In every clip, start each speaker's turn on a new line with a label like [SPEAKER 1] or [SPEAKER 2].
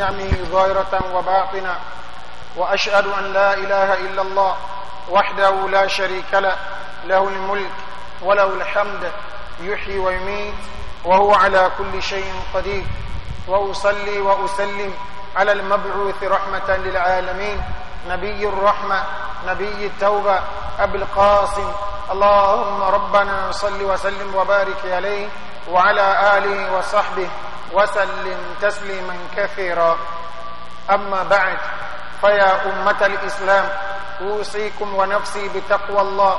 [SPEAKER 1] يعمي ظاهرة وباطنة وأشهد أن لا إله إلا الله وحده لا شريك له له الملك وله الحمد يحيي ويميت وهو على كل شيء قدير وأصلي وأسلم على المبعوث رحمة للعالمين نبي الرحمة نبي التوبة أبي القاسم اللهم ربنا صل وسلم وبارك عليه وعلى آله وصحبه وسلم تسليما كثيرا أما بعد فيا أمة الإسلام أوصيكم ونفسي بتقوى الله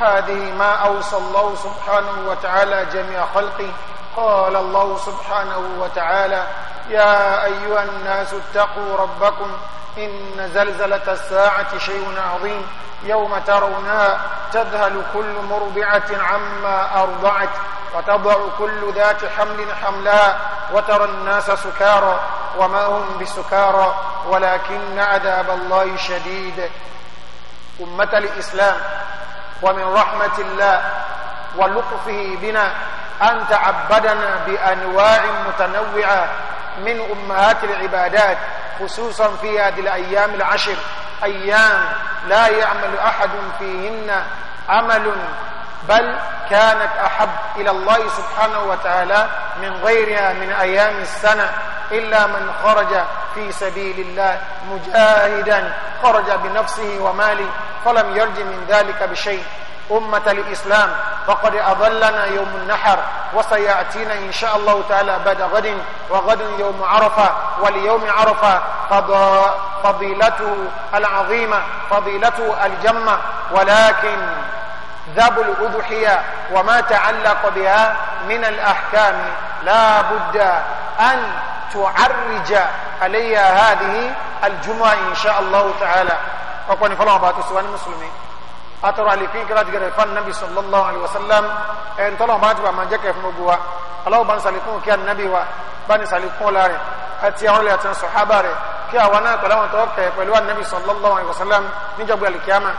[SPEAKER 1] هذه ما أوصى الله سبحانه وتعالى جميع خلقه قال الله سبحانه وتعالى يا أيها الناس اتقوا ربكم إن زلزلة الساعة شيء عظيم يوم ترونها تذهل كل مربعة عما أرضعت فتضع كل ذات حمل حملها وترى الناس سكارى وما هم بسكارى ولكن عذاب الله شديد أمة الإسلام ومن رحمة الله ولطفه بنا أن تعبدنا بأنواع متنوعة من أمهات العبادات خصوصا في هذه الأيام العشر أيام لا يعمل أحد فيهن عمل بل كانت أحب إلى الله سبحانه وتعالى من غيرها من أيام السنة إلا من خرج في سبيل الله مجاهدا خرج بنفسه وماله فلم يرج من ذلك بشيء أمة الإسلام فقد أضلنا يوم النحر وسيأتينا إن شاء الله تعالى بعد غد وغد يوم عرفة وليوم عرفة فضيلته العظيمة فضيلته الجمة ولكن ذبل الأضحية وما تعلق بها من الأحكام لا بد أن تعرج علي هذه الجمعة إن شاء الله تعالى أقول فلا بات سوان المسلمين أترى لي في قراءة قراءة النبي صلى الله عليه وسلم إن طلع ما تبع من في مجوا الله بان سالكون كان النبي و بان سالكون لاري أتي أولي أتنا صحابة كي أوانا كلام توقع يقولوا النبي صلى الله عليه وسلم نجب القيامة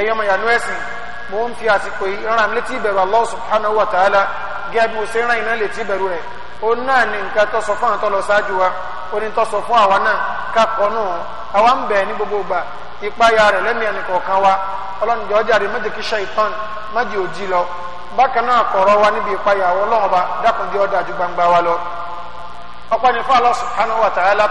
[SPEAKER 1] ẹ̀yọ́ mọ̀ ìyànú ẹ̀sìn mo n fi àsìkò ìran létí ìbẹ̀rù Allah subhanahu wa ta'ala gẹ́gẹ́ mo ṣe rán na létí iberu rẹ̀ O náà ní nǹkan tó sọ fún àwọn tó lọ ṣáájú wa ó ní tó sọ fún àwa náà kákọ́ náà àwa ń bẹ̀ ní gbogbo ìgbà ìpayà rẹ̀ lẹ́mìí ẹnìkọ̀ọ̀kan wa ọlọ́run jọ jáde méjì kí ṣàìtàn méjì ò lọ bákan náà wa níbi ya gbangba wa lọ. fún subhanahu wa ta'ala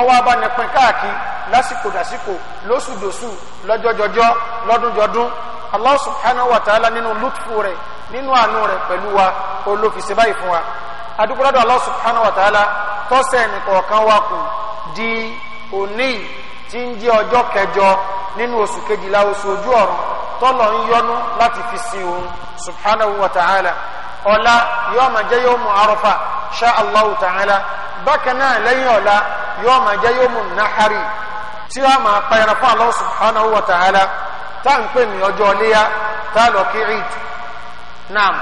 [SPEAKER 1] ọwọ́ abánipin káàkiri lásìkò dàsìkò lóṣùdòṣù lọ́jọ́jọjọ́ lọ́dúnjọdún Allah subhanahu wa ta'ala nínú lutfu rẹ̀ nínú àánú rẹ̀ pẹ̀lú wa olófiṣẹ́ báyìí fún wa adúgbòdàdọ̀ Allah subhanahu wa ta'ala tọ́sẹ̀ nìkọ̀ọ̀kan wa kù di òní tí ń jẹ́ ọjọ́ kẹjọ nínú oṣù kejìlá oṣù ojú ọ̀run tọ́lọ̀ ń yọnu láti fi sin òun subhanahu wa ta'ala ọ̀la yóò jẹ́ yawmu Arafa sha Allah ta'ala bákan náà lẹ́yìn ọ̀la yóò máa jẹ́ yóò mú nàárì tí wọ́n máa pa ẹran fún Allah subhanahu wa ta'ala tá à ń pè ní ọjọ́ ọléyà tá a lọ kí eid naam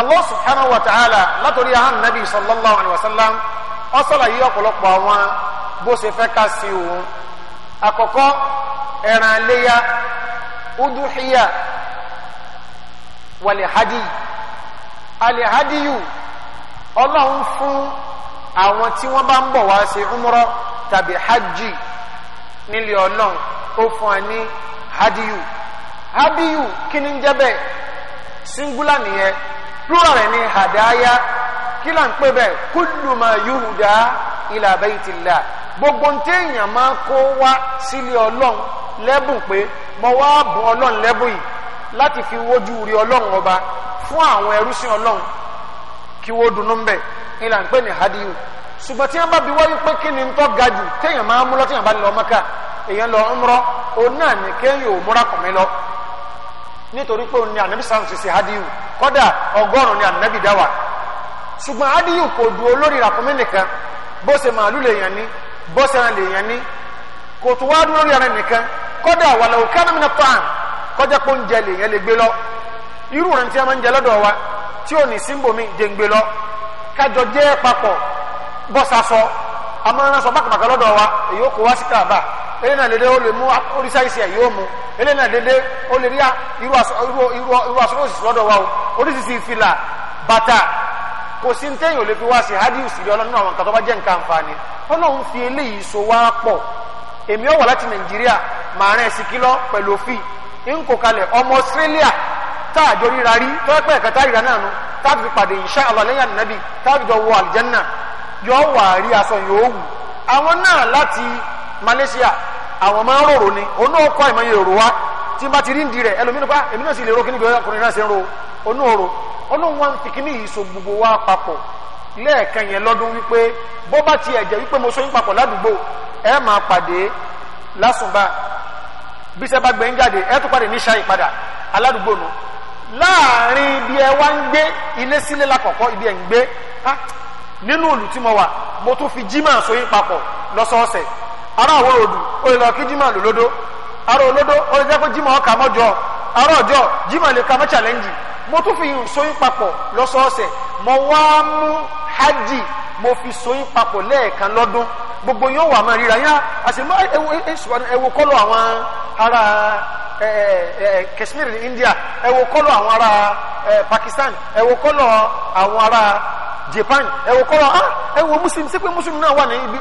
[SPEAKER 1] Allah subhanahu wa ta'ala látòrí ahán nabi sallallahu alayhi wa sallam ó ṣàlàyé ọ̀pọ̀lọpọ̀ àwọn bó ṣe fẹ́ ká sí òun àkọ́kọ́ ẹran aléyà udúhíyà wàlẹ̀ hadiyu ọlọ́run fún àwọn tí wọ́n bá ń bọ̀ wá ṣe umrọ tàbí hajj nílé ọlọ́run ó fún ẹ ní hadiyu hadiyu kí ni ń jẹ́ bẹ́ẹ̀ singular nìyẹn plural rẹ̀ ní hadaya kí là ń pè bẹ́ẹ̀ kullu ma yuhuda ila baytillah gbogbo ntẹ èèyàn máa kó wá sílé ọlọ́run lẹ́bùn pé mo wá bùn ọlọ́run lẹ́bùn yìí láti fi wojú rí ọlọ́run ọba fún àwọn ẹrúsìn ọlọ́run kí wọ́n dunu ń bẹ̀ ìlà ní hadiyu ṣùgbọ́n tí wọ́n bá bi wáyé pé kí ni ń tọ́ ga jù téèyàn máa mú lọ téèyàn bá lọ Mákà èèyàn lọ ń rọ òun náà ní kéèyàn ò múra kàn mí lọ nítorí pé òun ni ànábì sàn ti ṣe hadiyu kọ́dà ọgọ́rùn-ún ni ànábì dá wa ṣùgbọ́n hadiyu kò du olórí ràkúnmí nìkan bó ṣe màálù lèèyàn ní bó ṣe ràn lèèyàn ní kò tó wá lórí ara nìkan kọ́dà wàlẹ̀ òkè ànàmínà tán kọjá pé oúnjẹ lèèyàn lè gbé lọ irú rẹ̀ ti máa ń jẹ lọ́dọ̀ wa tí o ní símbòmí jẹ̀ǹgbè lọ kájọ jẹ́ papọ̀ bọ́sàsọ amúnánsọ bákàbàkà lọ́dọ̀ wa èyí ó kó wá sí káàbà eléyìí náà dédé ó lè mú mú eléyìí náà dédé ó lè rí irú wa o oríṣiríṣi ìfìlà bàtà kò sí téèyàn lè fi wá sí hádìí sí ọlọ́run àwọn nǹkan tó bá jẹ́ nǹkan àǹfààní ọlọ́run fi eléyìí so wá pọ̀ èmi ọ̀wọ̀ australia tá a jọ ríra rí tó ẹ pẹ́ ẹ̀ka tá a náà nu tá fi pàdé insha Allah lẹ́yìn ànábì tá a fi jọ wọ àlìjẹ́nà yọ wà rí aṣọ yòówù àwọn náà láti Malaysia àwọn máa ń rorò ni òun náà kọ́ ìmọ̀ yẹn rò wá tí n bá ti rí ń di rẹ̀ ẹlòmínú pa ah, èmi náà sì lè ro kí ni gbé ọkùnrin náà ṣe ń ro onú òrò olóhùn wọn fi kíní ìṣó gbogbo wa papọ̀ lẹ́ẹ̀kan yẹn lọ́dún wípé bó bá tiẹ̀ jẹ́ wípé mo so yín papọ̀ ládùúgbò ẹ máa pàdé lásùnbà bíṣẹ́ bá gbẹ̀yìn jáde ẹ tún pàdé níṣà ìpadà aládùúgbò nù láàrin ibi ẹ wá ń gbé ilé sílé lákọ̀ọ́kọ́ ibi ẹ̀ ń gbé nínú òlù tí mo wà mo tún fi jimá sóyún papọ̀ lọ́sọ̀ọ̀sẹ̀ ará àwọn òdù ó lè lọ kí jimá lòlódó ará olódó ó lè jẹ́ pé jimá ọkà mọ́jọ ará ọjọ́ jimá lè ka challenge mo tún fi sóyún le lọ́sọ̀ọ̀sẹ̀ mo wá mú hajj mo fi sóyún papọ̀ lẹ́ẹ̀kan lọ́dún gbogbo yóò wà máa ríra yá àṣẹ ẹwọ àwọn Eh, eh, eh, Kashmir ní India ẹ wo kọ́lọ̀ àwọn ará Pakistan ẹ wo kọ́lọ̀ àwọn ará Japan ẹ wo kọ́lọ̀ ah ẹ wo Muslim ṣé pé Muslim náà wà ní ibi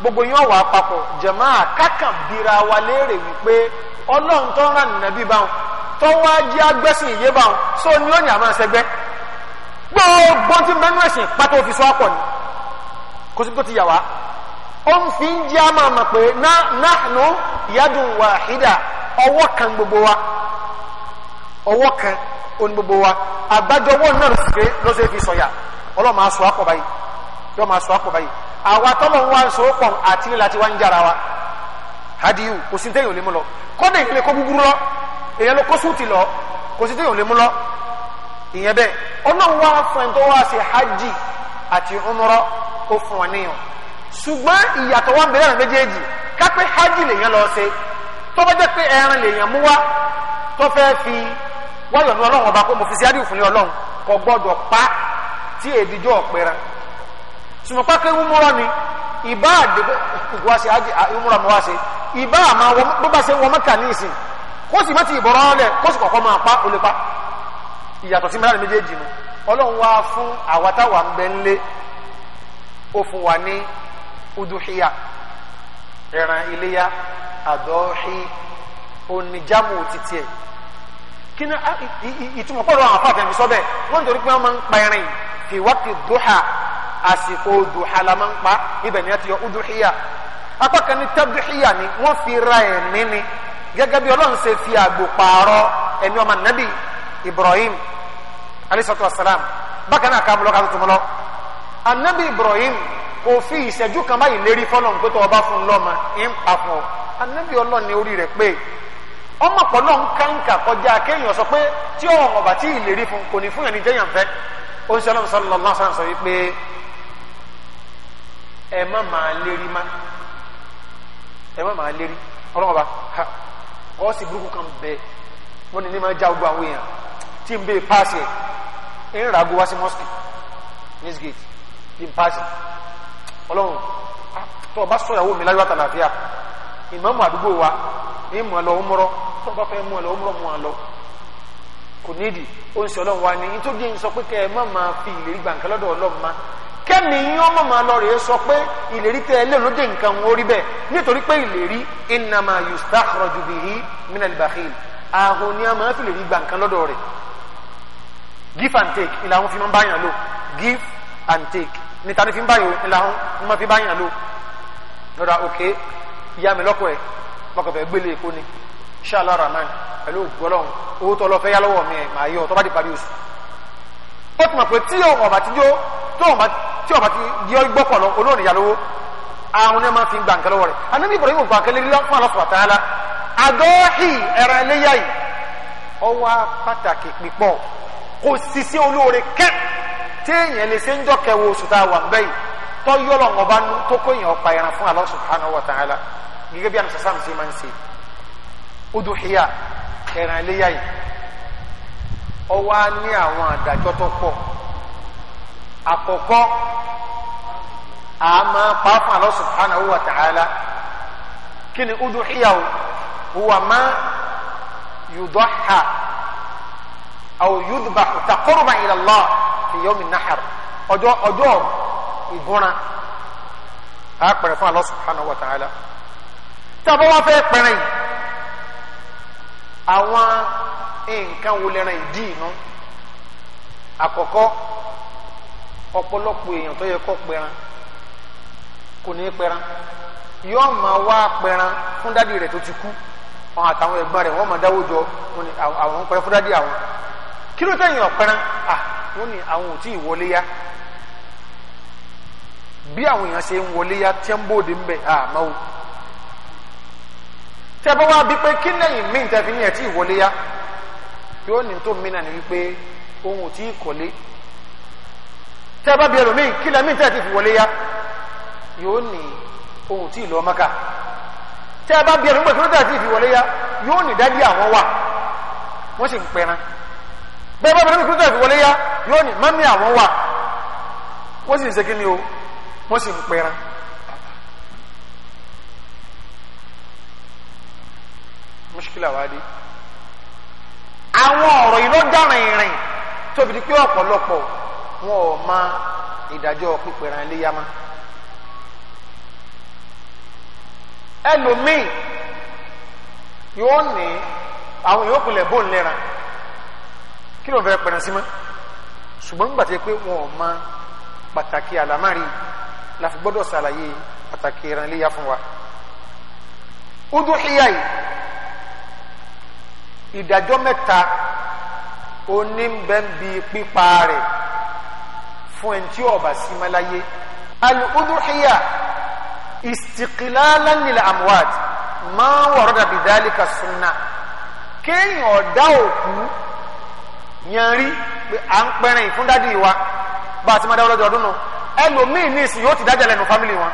[SPEAKER 1] gbogbo yín wà papọ̀ jẹ̀máà kákàn bira wa léèrè wípé ọlọ́run tó ń rà nínú ẹbí báwọn tó wá jẹ́ agbẹ́sìn ìyé báwọn só ní ó ní àmọ́ ẹsẹ̀gbẹ́ gbogbo tí mẹ́nu ẹ̀sìn pátó fi sọ ọ̀pọ̀ ni kò sí tó ti yà wá ó ń fi ń jẹ́ àmọ́ àmọ́ pé nahnu yadun wahida ọwọ́ kan gbogbo wa ọwọ́ kan òní gbogbo wa àgbájọ ọwọ́ náà ló sì ké ló sì fi sọ̀yà ọlọ́mọ aṣọ àpọ̀ báyìí yọ́mọ aṣọ àpọ̀ báyìí àwa tọ́lọ̀ ń wá ń sọ̀rọ̀ pọ̀ àti nílá tí wá ń jára wa hadiyu kò sí téèyàn lè mú lọ kọ́dà ìpínlẹ̀ kó búburú lọ èèyàn ló kó sùn tì lọ kò sí téèyàn lè mú lọ ìyẹn bẹ́ẹ̀ ọlọ́run wá fún ẹ̀ tó wá sí hajj àti umrọ ó fún ọ níyàn ṣùgbọ́n ìyàtọ̀ wa ń bẹ̀rẹ̀ méjèèjì kápẹ́ hajj lèèyàn lọ ṣe tó bá jẹ́ pé ẹran lèèyàn mú wá tó fẹ́ fi wáyọ̀ ní ọlọ́run ọba kó mo fi sí adé òfin ọlọ́run kò gbọ́dọ̀ pa tí èdìjọ́ ọ̀pẹ̀ra sùmọ́pá pé wúmúrọ́ ni ìbá àdìgbò wá sí wúmúrọ́ mi wá sí ìbá àmà bó bá ṣe wọ́n mẹ́ta ní ìsìn kó sì má ti ìbọ̀rọ̀ ọlẹ̀ kó sì kọ̀kọ́ máa pa ó lè pa ìyàtọ̀ sí mẹ́rin méjèèjì nu ọlọ́run wá fún àwa ń bẹ ó fún wa ní udùhíyà ẹran iléyà àdọ́hí oníjàmù títí ẹ̀ kí ni ìtumọ̀ pọ̀lú àwọn afáàfẹ́ mi sọ bẹ́ẹ̀ wọ́n nítorí pé wọ́n máa ń pa ẹran yìí fi wákì dùhà àsìkò dùhà la máa ń pa ibẹ̀ ni a ti yọ udùhíyà apá kan ní tẹ́dùhíyà ni wọ́n fi ra ẹ̀mí ni gẹ́gẹ́ bí ọlọ́run ṣe fi àgbò pààrọ̀ ẹ̀mí ọmọ nàbì Ibrahim alayhi salatu bákan náà ká mú tó tó lọ anabi Ibrahim kò fi ìṣẹ́jú kan báyìí lérí fọlọ́n pé tó ọba fún lọ́mọ ń pa fún ọ anábì ọlọ́ni orí rẹ̀ pé ọmọ pọ̀lọ́ ń kàǹkà kọjá kéèyàn sọ pé tí ọ̀hún ọ̀bà tí ìlérí fún kò ní fún yàn ní jẹ́yàn fẹ́ ó ń sọlọ́n sọlọ́ lọ́sàn sọ wípé ẹ má máa lérí má ẹ má máa lérí ọlọ́mọba ha ọ́ sì burúkú kan bẹ wọ́n ní ní máa já ogun àwọn èèyàn tí ń bè páàsì ń ràgó wá sí mọ́sùkì ní gate ní ọlọ́run tó o bá sọ ìyàwó mi láyọ̀ àtàlàfíà ìmáàmù àdúgbò wa ní mọ̀ lọ ọmọrọ tó o bá fẹ́ mọ̀ lọ ọmọrọ mọ̀ lọ kò nídìí ó ń sọ ọlọ́run wa ni nítorí ń sọ pé kẹ́ ẹ má máa fi ìlérí gbà nǹkan lọ́dọ̀ ọlọ́run má kẹ́mi yín ọmọ máa lọ rèé sọ pé ìlérí tẹ ẹlẹ́ lóde nǹkan wọn orí bẹ́ẹ̀ nítorí pé ìlérí innama yustakhraju give and take ìlànà fi máa ń báyàn lò give and take níta ní fi ń báyìí ńlá ń ní ma fi báyìí àlò lọ́dọ̀ òkè ìyá mi lọ́kọ̀ ẹ̀ mọ́kàn fẹ́ gbélé èkó ni ṣáàlá ramani pẹ̀lú ògbọ́lọ́hún owó tó lọ fẹ́ yá lọ́wọ́ mi ẹ̀ màá yọ tó bá di parí oṣù. ó ti mọ̀ pé tí ọ̀bà ti jó tó ọ̀bà ti yọ gbọ́kọ̀ lọ olóòrùn ìyá lówó àwọn ẹ̀ máa fi gbà nǹkan lọ́wọ́ rẹ̀ anábì Ibrahim gbà kẹ́lẹ́ lílọ́ fún Allah subhanahu wa ta'ala àgọ́hì ẹ̀rọ ẹlẹ́yà yìí ọwọ́ pàtàkì pípọ̀ kò sì sí olóore kẹ́ẹ̀ téèyàn lè ṣe ń jọ kẹwo oṣù tá a wà bẹ́ẹ̀ tó yọlọ ọba nu tó kó yẹn ọ̀pá ẹran fún Allah subhanahu wa ta'ala gẹ́gẹ́ bí anasa sàmùsí máa ń ṣe udùhìyà ẹran iléyà yìí ó wá ní àwọn àdájọ́ tó pọ̀ àkọ́kọ́ a máa pa fún Allah subhanahu wa ta'ala kí ni udùhìyà o huwa ma yudahha. àwọn yudba takoruba ilallah fi yomi nahar ọjọ́ ọjọ́ ìgúnra a pẹrẹ fún Allah subhanahu wa ta'ala tábọ̀ wá fẹ́ pẹrẹ yìí àwọn nǹkan wo ìdí inú àkọ́kọ́ ọ̀pọ̀lọpọ̀ èèyàn tó yẹ kó pẹran kò ní pẹran yóò máa wá fún dádì rẹ̀ tó ti kú àwọn àtàwọn ẹ̀gbọ́n rẹ̀ wọ́n máa dáwọ́ jọ àwọn pẹran fún dádì kí ló tẹ̀yìn ọ̀pẹran à wọ́n ní àwọn ò tí ì wọlé yá bí àwọn èèyàn ṣe ń wọlé yá tí ń bòde ń bẹ àmọ́ o tẹ bá wá bí pé kí lẹ́yìn mí tẹ fi ní ẹ̀ tí ì wọlé yá yóò ní tó mí náà ni wípé ohun ò tí ì kọ́lé tẹ bá bí ẹlòmíì kí lẹ́mí tẹ ti wọlé yá yóò ní ohun tí ì lọ mọ́kà tẹ bá bí ẹlòmíì kí ló tẹ ti wọlé yá yóò ní dádì bẹ́ẹ̀ bá bẹ̀rẹ̀ kúrúdà fi wọlé yá yóò ní mọ́mí àwọn wà wọ́n sì ń segin ni o wọ́n sì ń pẹran. wa di àwọn ọ̀rọ̀ yìí ló dára ìrìn tóbi di pé ọ̀pọ̀lọpọ̀ wọn ò ìdájọ́ ẹlòmíì yóò ní àwọn yòókù lẹ̀ lẹ́ra. kí ló ń fẹ́ pẹ̀rẹ̀ sí mọ́ ṣùgbọ́n nígbà tí ó pé wọn ò mọ pàtàkì àlámárì la fi gbọ́dọ̀ ṣàlàyé pàtàkì ìrànlẹ́yà fún wa ó dún híyà yìí ìdájọ́ mẹ́ta oníbẹ̀ǹbi pípa rẹ̀ fún ẹni tí ọba sí mẹ́láyé al-udhiya istiqilalan lil amwat ma warada bidhalika sunna kéèyàn ọ̀dá òkú yẹn rí pé à ń pẹ́rìn fún dádì wa bá a ti máa dáwọ́ lọ́jọ́ ọdún nù ẹlòmíì ní ìsìn yóò ti dájà lẹ́nu fámìlì wọn.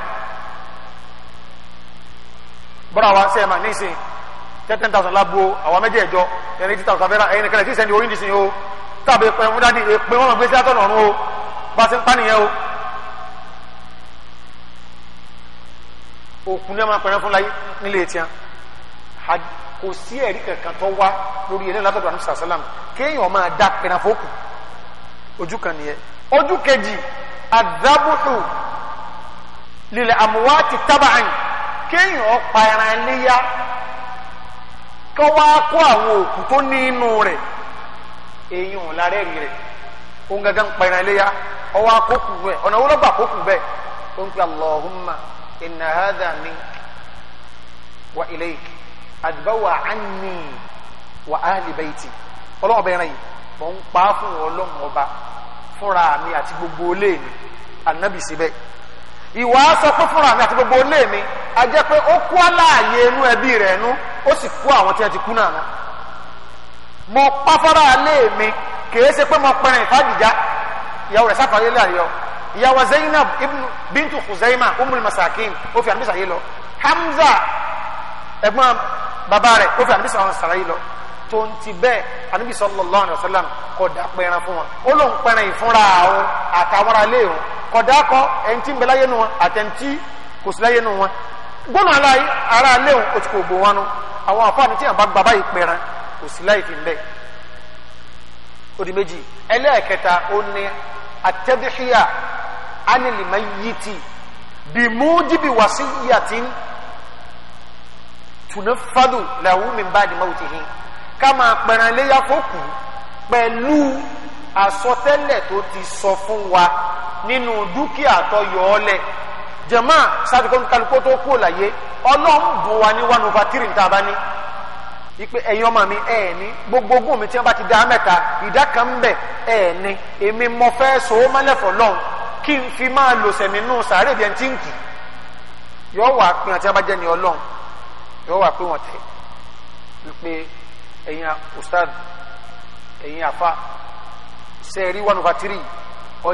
[SPEAKER 1] bọ́dà wa sẹ́yìn mà ní ìsìn ten thousand lágbo àwọn méjì ẹ̀jọ ẹni tí thousand fẹ́ràn ẹni kẹlẹ̀ tí sẹ́ni orí nìsín o tàbí pẹ́ fún dádì pé wọ́n mọ̀ gbé sí àtọ̀nà ọ̀run o bá a ti ń pa nìyẹn o. òkú ni wọ́n máa pẹ̀rẹ́ fún láyé nílé tiẹ̀ kò sí ẹ̀rí kankan tó wá lórí ẹ̀rí látọ̀dọ̀ àmì sàlám kéèyàn máa da pẹ̀nàfókù ojú kan nìyẹn ojú kejì àdábùtù lílẹ̀ àmúwá ti tábàáyìn kéèyàn pa ẹran léyà kọ́ wá kó àwọn òkú tó ní inú rẹ̀ èèyàn lára ẹ̀rí rẹ̀ ó ń gángan pa ẹran léyà ọwọ́ akókù bẹ́ẹ̀ ọ̀nà owó lọ́gbà akókù bẹ́ẹ̀ ó ń pè Allahumma inna hadha minka wa ilayka àdìbáwà ánì wà áàlì bẹ́ẹ̀tì ọlọ́wọ́ bẹ́ẹ̀rẹ̀ yìí mọ̀ ń pa fún ọlọ́run ọba fúnra mi àti gbogbo olé mi ànábì síbẹ̀ ìwà sọ pé fúnra mi àti gbogbo olé mi a jẹ́ pé ó kú aláàyè inú ẹbí rẹ̀ nú ó sì kú àwọn tí wọ́n ti kú náà náà mo pa fúnra alé mi kìí ṣe pé mo pẹ̀rẹ̀ ìfàdìjà ìyàwó rẹ̀ sáfà yẹlẹ̀ àríyọ ìyàwó Zainab ibn bintu Khuzaima umul masakin ó fi àmì sàyé lọ Hamza ẹ̀gbọ́n bàbá rẹ̀ ó fi ànábì sọ̀rọ̀ sàrà yìí lọ tó ń ti bẹ́ẹ̀ ànábì sallallahu alaihi wasallam kò dà pẹran fún wọn ó lóun pẹran ìfúnra àwọn àtàwọn alẹ́ òun kò dà kọ ẹni tí ń bẹ láyé nu wọn àtẹnití kò sí láyé nu wọn gbọ́nà aláì ara alẹ́ òun òtí kò gbó wọn nu àwọn àfáàní tí àbá gbàbá yìí pẹran kò sí láì fi bẹ́ẹ̀ odi méjì ẹlẹ́ẹ̀kẹta ó ní atẹ́bíhíyà ánìlìmẹ́yìtì bìmú jíbi wàsíyàtì tunafadu lahu min ba'di mawtihi ká máa pẹran léyà foku, pẹ̀lú àsọtẹ́lẹ̀ tó ti sọ fún wa nínú dúkìá tó yọ ọ́ lẹ̀ jẹ̀má sátìkọ́nù tó kú òláyé ọlọ́run bùn wa ní one over three níta bá ni, ipe ẹ̀yin ọmọ mi ẹ̀ ní gbogbo ogún mi tí wọ́n bá ti dá mẹ́ta ìdá kan ń bẹ̀ ẹ̀ ní èmi mo fẹ́ so ó mọ́lẹ̀fọ̀ lọ́hùn kí n fi máa lò sẹ̀mí sàárè bí ẹni ń kì yọ wà pín àti abájẹ́ ni ọlọ́run yóò wà pé wọ́n tẹ̀ wípé ẹ̀yin ustad ẹ̀yin afa sẹ́ẹ̀rí one over three ó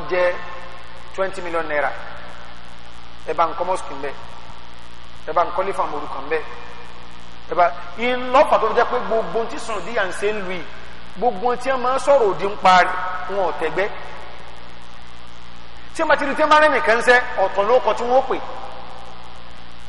[SPEAKER 1] twenty million naira ẹ bá ń kọ́ mọ́sùkì ń bẹ́ ẹ bá ń kọ́lé fún amòrù kan bẹ́ ẹ bá ń lọ́ pàtó jẹ́ pé gbogbo tí sùn díyà ń ṣe ń lu yìí gbogbo tí wọ́n máa ń òdi ń parí wọn ò tẹ̀gbẹ́ tí wọ́n bá ti di tí wọ́n bá rẹ́ nìkan ń sẹ́ ló kọ tí wọ́n pè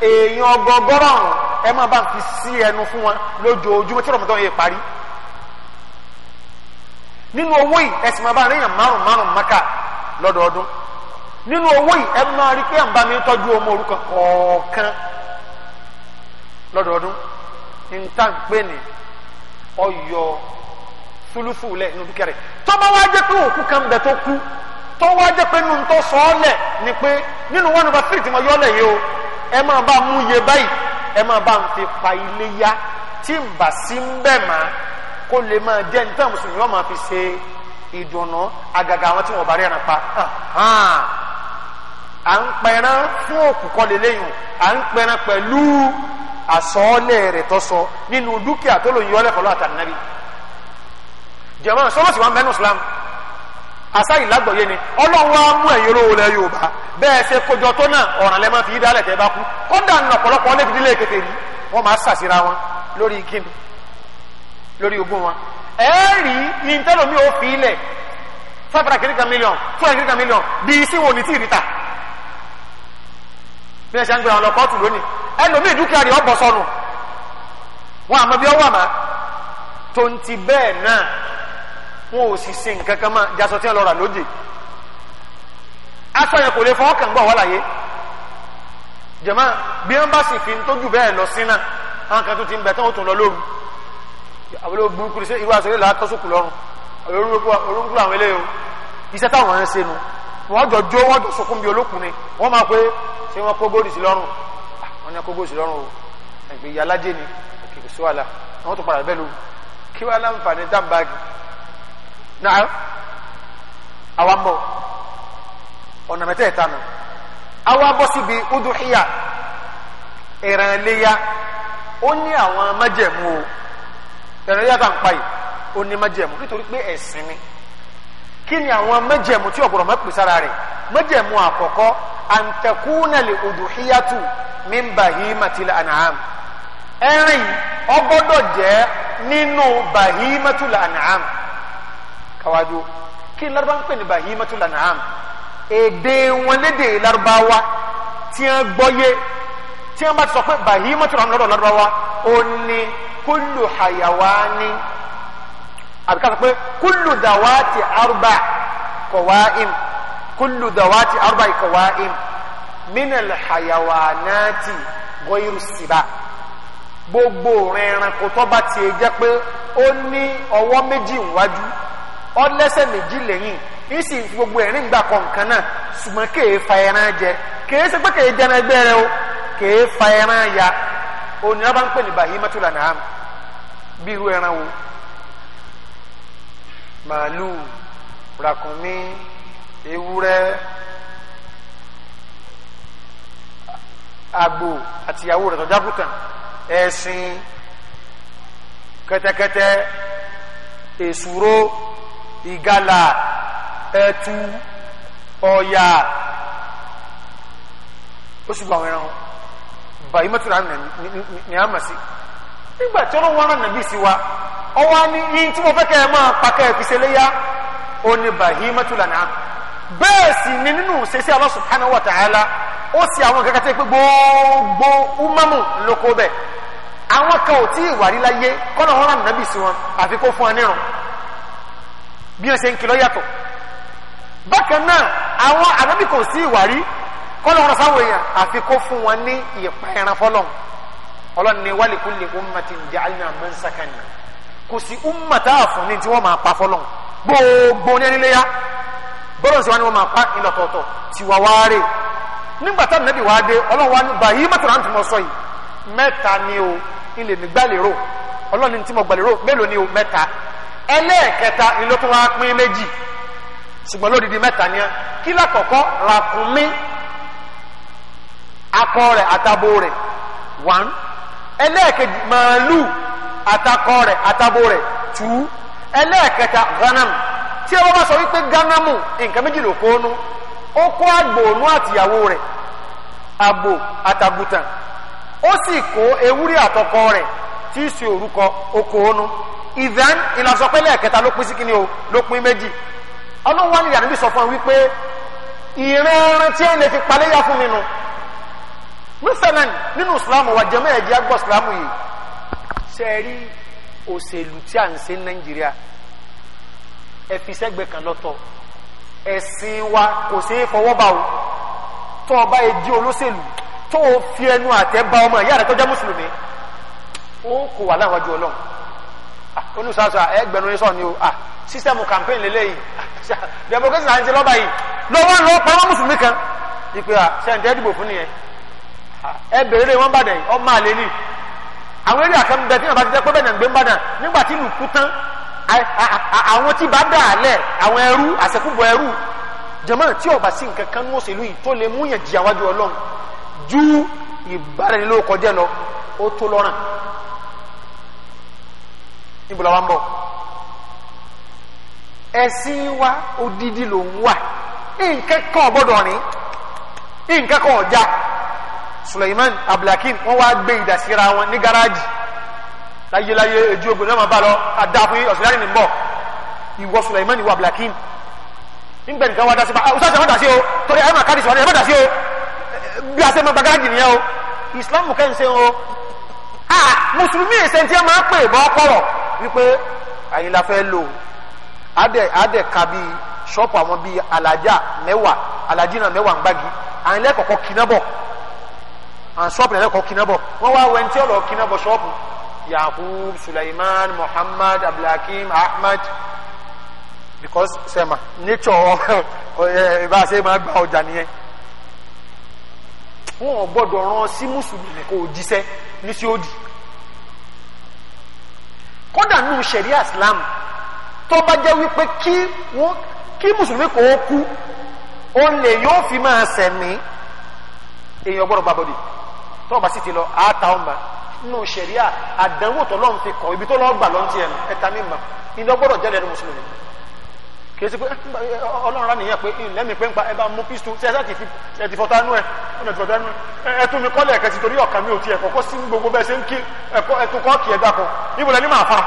[SPEAKER 1] èèyàn ọgọgọrọ ọrùn ẹ máa bá fi sí ẹnu fún wọn lójoojúmọ́ tí rọmọdún yìí parí nínú owó yìí ẹ sì máa bá àríyàn márùn márùn maka lọ́dọọdún nínú owó yìí ẹ máa rí pé àǹbá mi tọ́jú ọmọ òrukàn kọ̀ọ̀kan lọ́dọọdún níta ń pè ní ọyọ fúlùfù lẹ nínú dúkìá rẹ tọ́ba wá jẹ́ pé òkú kan bẹ̀ tó kú tọ́wọ́ jẹ́ pé nínú sọ ọ́ lẹ̀ ni pé nínú one over three tí wọ́n yọ ọ́ lẹ̀ yìí o ẹ máa bá mú iye báyìí ẹ máa bá ń fi pa ilé yá tí ń bà sí ń bẹ̀ mà kó lè máa jẹ́ ní táwọn mùsùlùmí wọn máa fi ṣe ìdùnnú àgàgà àwọn tí wọn bá rí ẹran pa à ń pẹran fún òkú kọlẹ̀ lẹ́yìn à ń pẹran pẹ̀lú àsọọ́lẹ̀ rẹ̀ tọ́sọ nínú dúkìá tó lóyún ọlẹ́kọ̀ọ́ àtàlẹ́bí jẹ̀mọ́ sọ́wọ́sì wọn bẹ́ẹ̀ àsáyìn lágbọ̀yé ni ọlọ́run wa mú ẹ̀yìn olówó lẹ yorùbá bẹ́ẹ̀ ṣe kójọ tó náà ọ̀ràn lẹ́mọ́ fi dálẹ̀ tẹ́ bá kú kódà nà ọ̀pọ̀lọpọ̀ lẹ́bi dílé kété rí wọ́n máa ṣàṣìra wọn lórí kíni lórí ogún wọn. ẹ rí nintẹ́lómi ò fi ilẹ̀ five hundred kìlíkà mílíọ̀n two hundred kìlíkà mílíọ̀n bí i sí wo ni tí ì ríta bí ẹ ṣe ń gbé àwọn ọkọ̀ tù lónìí ẹlòmíì dúkìá rẹ̀ ọ̀bọ̀ sọnù wọn àmọ́ bí ọ tó ń ti bẹ́ẹ̀ náà wọn ò sì ṣe nǹkan kan mọ́ jasọ tí wọn lọ rà lóde aṣọ yẹn kò lè fọwọ́ kàn gbọ́ wọ́n láyé jẹ̀mọ́ bí wọ́n bá sì fi ń tójú bẹ́ẹ̀ lọ sí náà àwọn kan tó ti ń bẹ̀ tán ó tún lọ lóru àwọn olóògbé burúkú sí irú aṣọ yẹn làá tọ́sùkù lọ́rùn olórúkú àwọn eléyìí iṣẹ́ táwọn ẹ̀ ń ṣe nu wọ́n jọ jó wọ́n jọ sunkún bí olókùn ni wọ́n máa pé ṣé wọ́n kó bóòdì sí lọ́rùn ah, wọ́n ní kó bóòdì sí lọ́rùn o ẹ̀gbẹ́ ìyá alájẹ́ ni òkè kò sí wàhálà wọ́n tún padà naa awa mbọ ọ̀nà mẹ́tẹ̀ẹ̀ta awa bọ́ síbi udùhíyà ìrànlẹ́yà ó ní àwọn májẹ̀mú o ìrànlẹ́yà tá n pa yìí ó ní kinye nítorí pé ti ni kí ni àwọn májẹ̀mú tí ọ̀gbọ̀rọ̀ mọ́ pè sára rẹ̀ májẹ̀mú àkọ́kọ́ àǹtẹ̀kúnàlè udùhíyàtù káwájú kí larubá ń pè ní bahimatul an'am èdè wọn lédè larubawa tí wọn gbọ́yé tí wọn bá ti sọ pé bahimatul an'am lọ́dọ̀ larubawa ó ní kullu hayawani àbí ká sọ pé kullu dawati arba qawaim kullu dawati arba qawaim minal hayawanati ghayru siba gbogbo rẹ̀ ẹranko tó bá ti jẹ́ pé ó ní ọwọ́ méjì wájú ọlẹ́sẹ̀ méjì lẹ́yìn ní sì gbogbo ẹ̀rín gbà kọ̀ọ̀kan náà ṣùgbọ́n kèé fa ẹran jẹ kèé ṣe pé kèé jẹ ẹran ẹgbẹ́ rẹ o kèé fa ẹran ya òní ọba ń pè ní bahimatul an'am bí irú ẹran wo màálù ràkúnmí ewúrẹ́ àgbò àti ìyàwó rẹ̀ tọ́jà kùtàn ẹṣin kẹ́tẹ́kẹ́tẹ́ èsúró. ìgalà ẹtu ọya, ó sì gba àwọn ẹran bàyí mọ́tòrò àmì ní àmà sí nígbà tí ọlọ́run wọn rán nàbí sí wa ọwọ́ ni yín tí mo fẹ́ kẹ́ ẹ máa ya ìfisẹ́ léyà ó ní bàyí mọ́tòrò àmì bẹ́ẹ̀ sì ni nínú ṣẹṣẹ́ wata subhanahu wa ta'ala ó sì àwọn gbogbo umamu lóko bẹ́ẹ̀ àwọn kan ò tí ì wà rí láyé kọ́nà wọn wọn àfi kó fún bí wọn ṣe ń kìlọ̀ yàtọ̀ bákan náà àwọn ànábì kò sí ìwárí kọlọ́run sáwọn èèyàn àfi kó fún wọn ní ìpa ẹran fọlọ́n ọlọ́run ní wali kulli ummatin ja'alna mansakan kò sí ummata fún ní tí wọ́n máa pa fọlọ́n gbogbo ní ẹni léyà bọ́lọ̀ sí wa ni wọ́n máa pa ìlọ̀tọ̀ọ̀tọ̀ tiwa wáárẹ̀ nígbà táwọn nàbì wá dé ọlọ́run wa ní bàyí mọ́tò náà ń tún mọ sọ yìí mẹ́ta ni o ilẹ̀ mi gbàlérò ọlọ́run ní tí mo gbàlérò mélòó ni o mẹ́ta ẹlẹ́ẹ̀kẹta ni ló tún pín méjì ṣùgbọ́n lódìdí mẹ́ta ni kọkọ akọ rẹ̀ àtabo rẹ̀ one ẹlẹ́ẹ̀kejì màálù àtakọ rẹ̀ àtabo rẹ̀ two ẹlẹ́ẹ̀kẹta ghanam tí ẹwọ́n bá sọ wípé ghanamu nǹkan méjì ló kó nú ó kó àgbòónú àtìyàwó rẹ̀ àgbò àtàgùtàn ó sì kó ewúrẹ́ àtọkọ rẹ̀ tí í ṣe orúkọ ó ìdán ìlàsọpẹ́lẹ̀ kẹta ló pín sí kíni o ló pín méjì ọlọ́run wá ní ìyàrá níbi sọ fún ọ wípé ìrẹ́rẹ́ tí ẹ̀yìn lè fi paléyà fún mi nù nísàlẹ̀ nínú islam wa jẹ́mọ́ ẹ̀jẹ̀ agbọ́ islam yìí ṣe rí òṣèlú tí à ń ṣe nàìjíríà ẹ fi sẹ́gbẹ̀ẹ́ kan lọ́tọ̀ ẹ̀sìn wa kò ṣe é fọwọ́ bá o tó o bá yẹ jí olóṣèlú tó o fi ẹnu àtẹ́ bá ọmọ ìyá rẹ tó jẹ́ mùsùlùmí ó kò wà láwájú ọlọ́run onísàásà ẹgbẹ̀rún yín sọ ni o ah sísẹ́mù campaign lélẹ́yìí democracy náà ń ṣe lọ́ba yìí lọ́wọ́ lọ́wọ́ pamọ́ mùsùlùmí kan ìpè à sẹ́ǹtẹ́ ẹ̀dìbò fún nìyẹn ẹ bèrè lè wọ́n bàdàn yìí ọmọ àlè ni àwọn eré àkànbẹ tí wọn bá ti jẹ pé bẹ́ẹ̀ náà gbé ń bàdàn nígbà tí ìlú kú tán àwọn tí bá dà á lẹ̀ àwọn ẹrú àṣẹkùbọ ẹrú jẹmọ tí ọba sí nǹkan kan ní òṣèlú yìí tó lè mú yàn jìyàwájú Ọlọ́run ju ìbáraẹnilókọjẹ lọ ó tó lọ́ràn níbo la wá ń bọ̀ ẹ̀sìn wa odidi ló ń wà nǹkan kan gbọ́dọ̀ ní nǹkan kan ọ̀já Suleiman Abdulhakeem wọ́n wá gbé ìdásíra wọn ní gáràjì láyéláyé ojú ogun náà máa bá lọ adáàfin ọ̀sìnláyìn ní bọ̀ ìwọ Suleiman ìwọ Abdulhakeem nígbà nìkan wá dá sí pa ọ̀sán ṣe wọ́n dá sí o torí ayé màkàdì sọ̀rọ̀ ẹ̀ wọ́n dá sí o bí a ṣe mọ gbàgádì nìyẹn o Islam kẹ́ ń ṣe o ah mùsùlùmí ẹ̀sẹ̀ tí a máa pè bọ́ pọ̀rọ̀ wípé àyìn la fẹ́ lò adẹ adẹ ka bíi ṣọ́ọ̀pù àwọn bíi alájà mẹ́wàá alájìnà mẹ́wàá ń gbági àyìn lẹ́kọ̀ọ́kọ́ kìnnàbọ̀ àwọn ṣọ́ọ̀pù lẹ́kọ̀ọ́ kìnnàbọ̀ wọ́n wá wẹ́n tí ọ̀lọ́ kìnnàbọ̀ shop, yakub suleiman muhammad abdulhakeem Ahmed, because sẹ́mà nature bá a ṣe máa gba ọjà nìyẹn wọn ò gbọ́dọ̀ rán sí mùsùlùmí kò jíṣẹ́ ní sí òdì kódà nínú sẹ̀ríà islam tó bá jẹ́ wípé kí wọ́n kí mùsùlùmí kò ó kú ó lè yóò fi máa sẹ̀mí èèyàn gbọ́dọ̀ gbàbọ̀dì tó bá sì ti lọ àátá ọmọ nínú sẹ̀ríà àdánwò tó lọ́n fi kọ̀ ibi tó lọ́ gbà lọ́n ti ẹ̀nu ẹ̀ta mímọ́ ìlọ́gbọ́dọ̀ jẹ́ lẹ́nu mùsùlùmí kìí ṣe pé eh, ọlọ́run rà nìyẹn pé lẹ́mìí pé ń pa ẹ bá mú pístù ṣe ẹ ti fọta nú ẹ ọ̀nà ti fọta nú ẹ ẹ tún mi kọ́lẹ̀ ẹ̀kẹ́ ti torí ọ̀kà mi ò ti ẹ̀kọ́ kó sí gbogbo bẹ́ẹ̀ ṣe ń kí ẹ̀kọ́ ẹ̀tún kọ́ kì í ẹ̀dá kan níbo lẹ́ni máa fa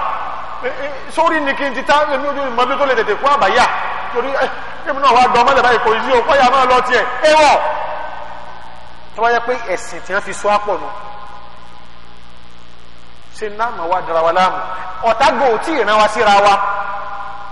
[SPEAKER 1] sórí ni kí n ti ta èmi ojú ìmọ̀ bí tó lè tètè kó àbáyà torí èmi náà wà gbọ́ mọ́lẹ̀ báyìí kò yí o kọ́ ya máa lọ tiẹ̀ ẹ wọ̀ tó bá yẹ pé ẹ̀sìn tí wọ́n fi so àpọ̀ nù ṣe náà mà wá dara láàmú ọ̀tá gbòó tí ìran wa síra wa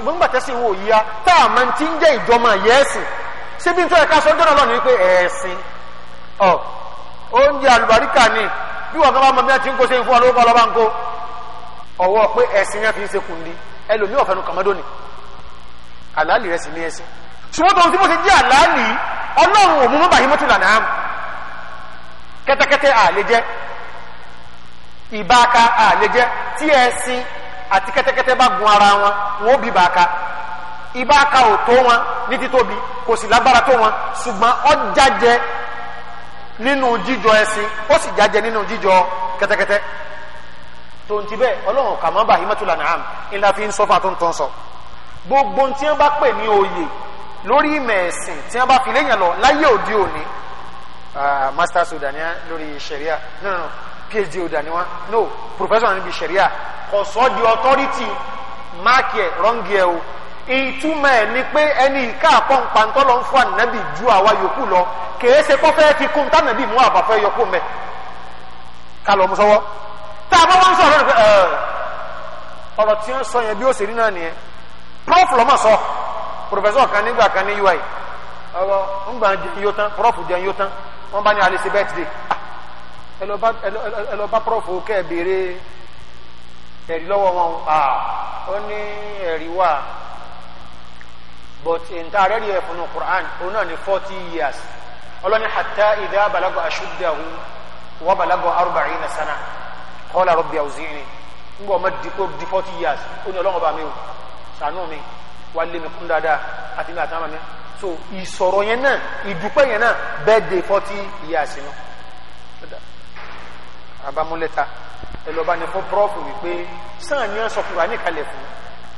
[SPEAKER 1] ṣùgbọ́n gbàtẹ́ sí wo yíya tá a máa ti ń jẹ́ ìjọmọ̀ yẹ́sìn síbi tó ẹ̀ka sọ́jọ́ náà lọ́nà wípé ẹ̀ẹ́sìn ọ̀ oúnjẹ àlùbáríkà ni bí wọn kọ́ bá mọ bí wọn ti ń kó sẹ́yìn fún wọn lórúkọ lọ́ba ń kó ọwọ́ pé ẹ̀sìn yẹn fi ń ṣe kùndí ẹlòmíì ọ̀fẹ́nu kàmọ́dọ́ ni àlàálì rẹ̀ sì ní ẹ̀sìn ṣùgbọ́n tó ń síbò ti jẹ́ àlàálì ọlọ́run òmùmú bàyí mọ́tò lànà àti kẹ́tẹ́kẹ́tẹ́ bá gun ara wọn wọn ó bí bàákà ìbáka ò tó wọn ní títóbi kò sì lágbára tó wọn ṣùgbọ́n ọ jájẹ nínú jíjọ ẹṣin ó sì jájẹ nínú jíjọ kẹ́tẹ́kẹ́tẹ́ tó ń ti bẹ́ẹ̀ ọlọ́run kà má bàyí mọ́tò lànà àm ńlá fi ń sọ fún àtúntàn sọ gbogbo tí wọn bá pè ní oyè lórí ìmọ̀ ẹ̀sìn tí wọn bá fi léyìn lọ láyé òde òní ah, master sudan lórí sẹ̀ríà náà. No, no, no phd ọ̀dà ni no professor níbi sẹ̀ríà kò sọ di authority máàkì ẹ̀ rọ́ǹgì ẹ̀ o ìtumọ̀ ẹ̀ ni pé ẹni ìka àpọ̀npá ńtọ́ lọ ń fún ànábì ju àwa yòókù lọ kèé ṣe kó fẹ́ fi kún tánàbì mú àbàfẹ́ yọkù mẹ́ ká lọ mú sọ́wọ́ tá a bá wọn sọ ọ̀rọ̀ ẹ̀ ọ̀rọ̀ tí wọ́n sọ yẹn bí ó ṣe rí náà nìyẹn prof lọ́mọ̀ sọ professor kan nígbà kan ní ui ọ̀rọ̀ ńgbà jẹun yóò tán prof jẹun yóò tán wọ́n bá ní alẹ́ birthday ẹlọba prọfù kẹ béèrè ẹ̀rí lọ́wọ́ wọn ó ní ẹ̀rí wà but in ta rẹ́rí ẹ̀ fún Qur'an òun náà ní forty years ọlọ́ni hatta idha balagha ashuddahu wa balagha arba'ina sana qala rabbi awzi'ni ń bọ̀ ọmọ dìpọ̀ di forty years ó ní ọlọ́wọ́ bá mi o sànú mi wà lé mi kún dáadáa àti mi àtàwọn mi so ìsọ̀rọ̀ yẹn náà ìdúpẹ́ yẹn náà bẹ́ẹ̀ de forty years náà abamúlẹ́ta ẹlọ́ba ni fún prọ́fù wípé sáà ní ọ̀sọ̀ kùránì kalẹ̀ fún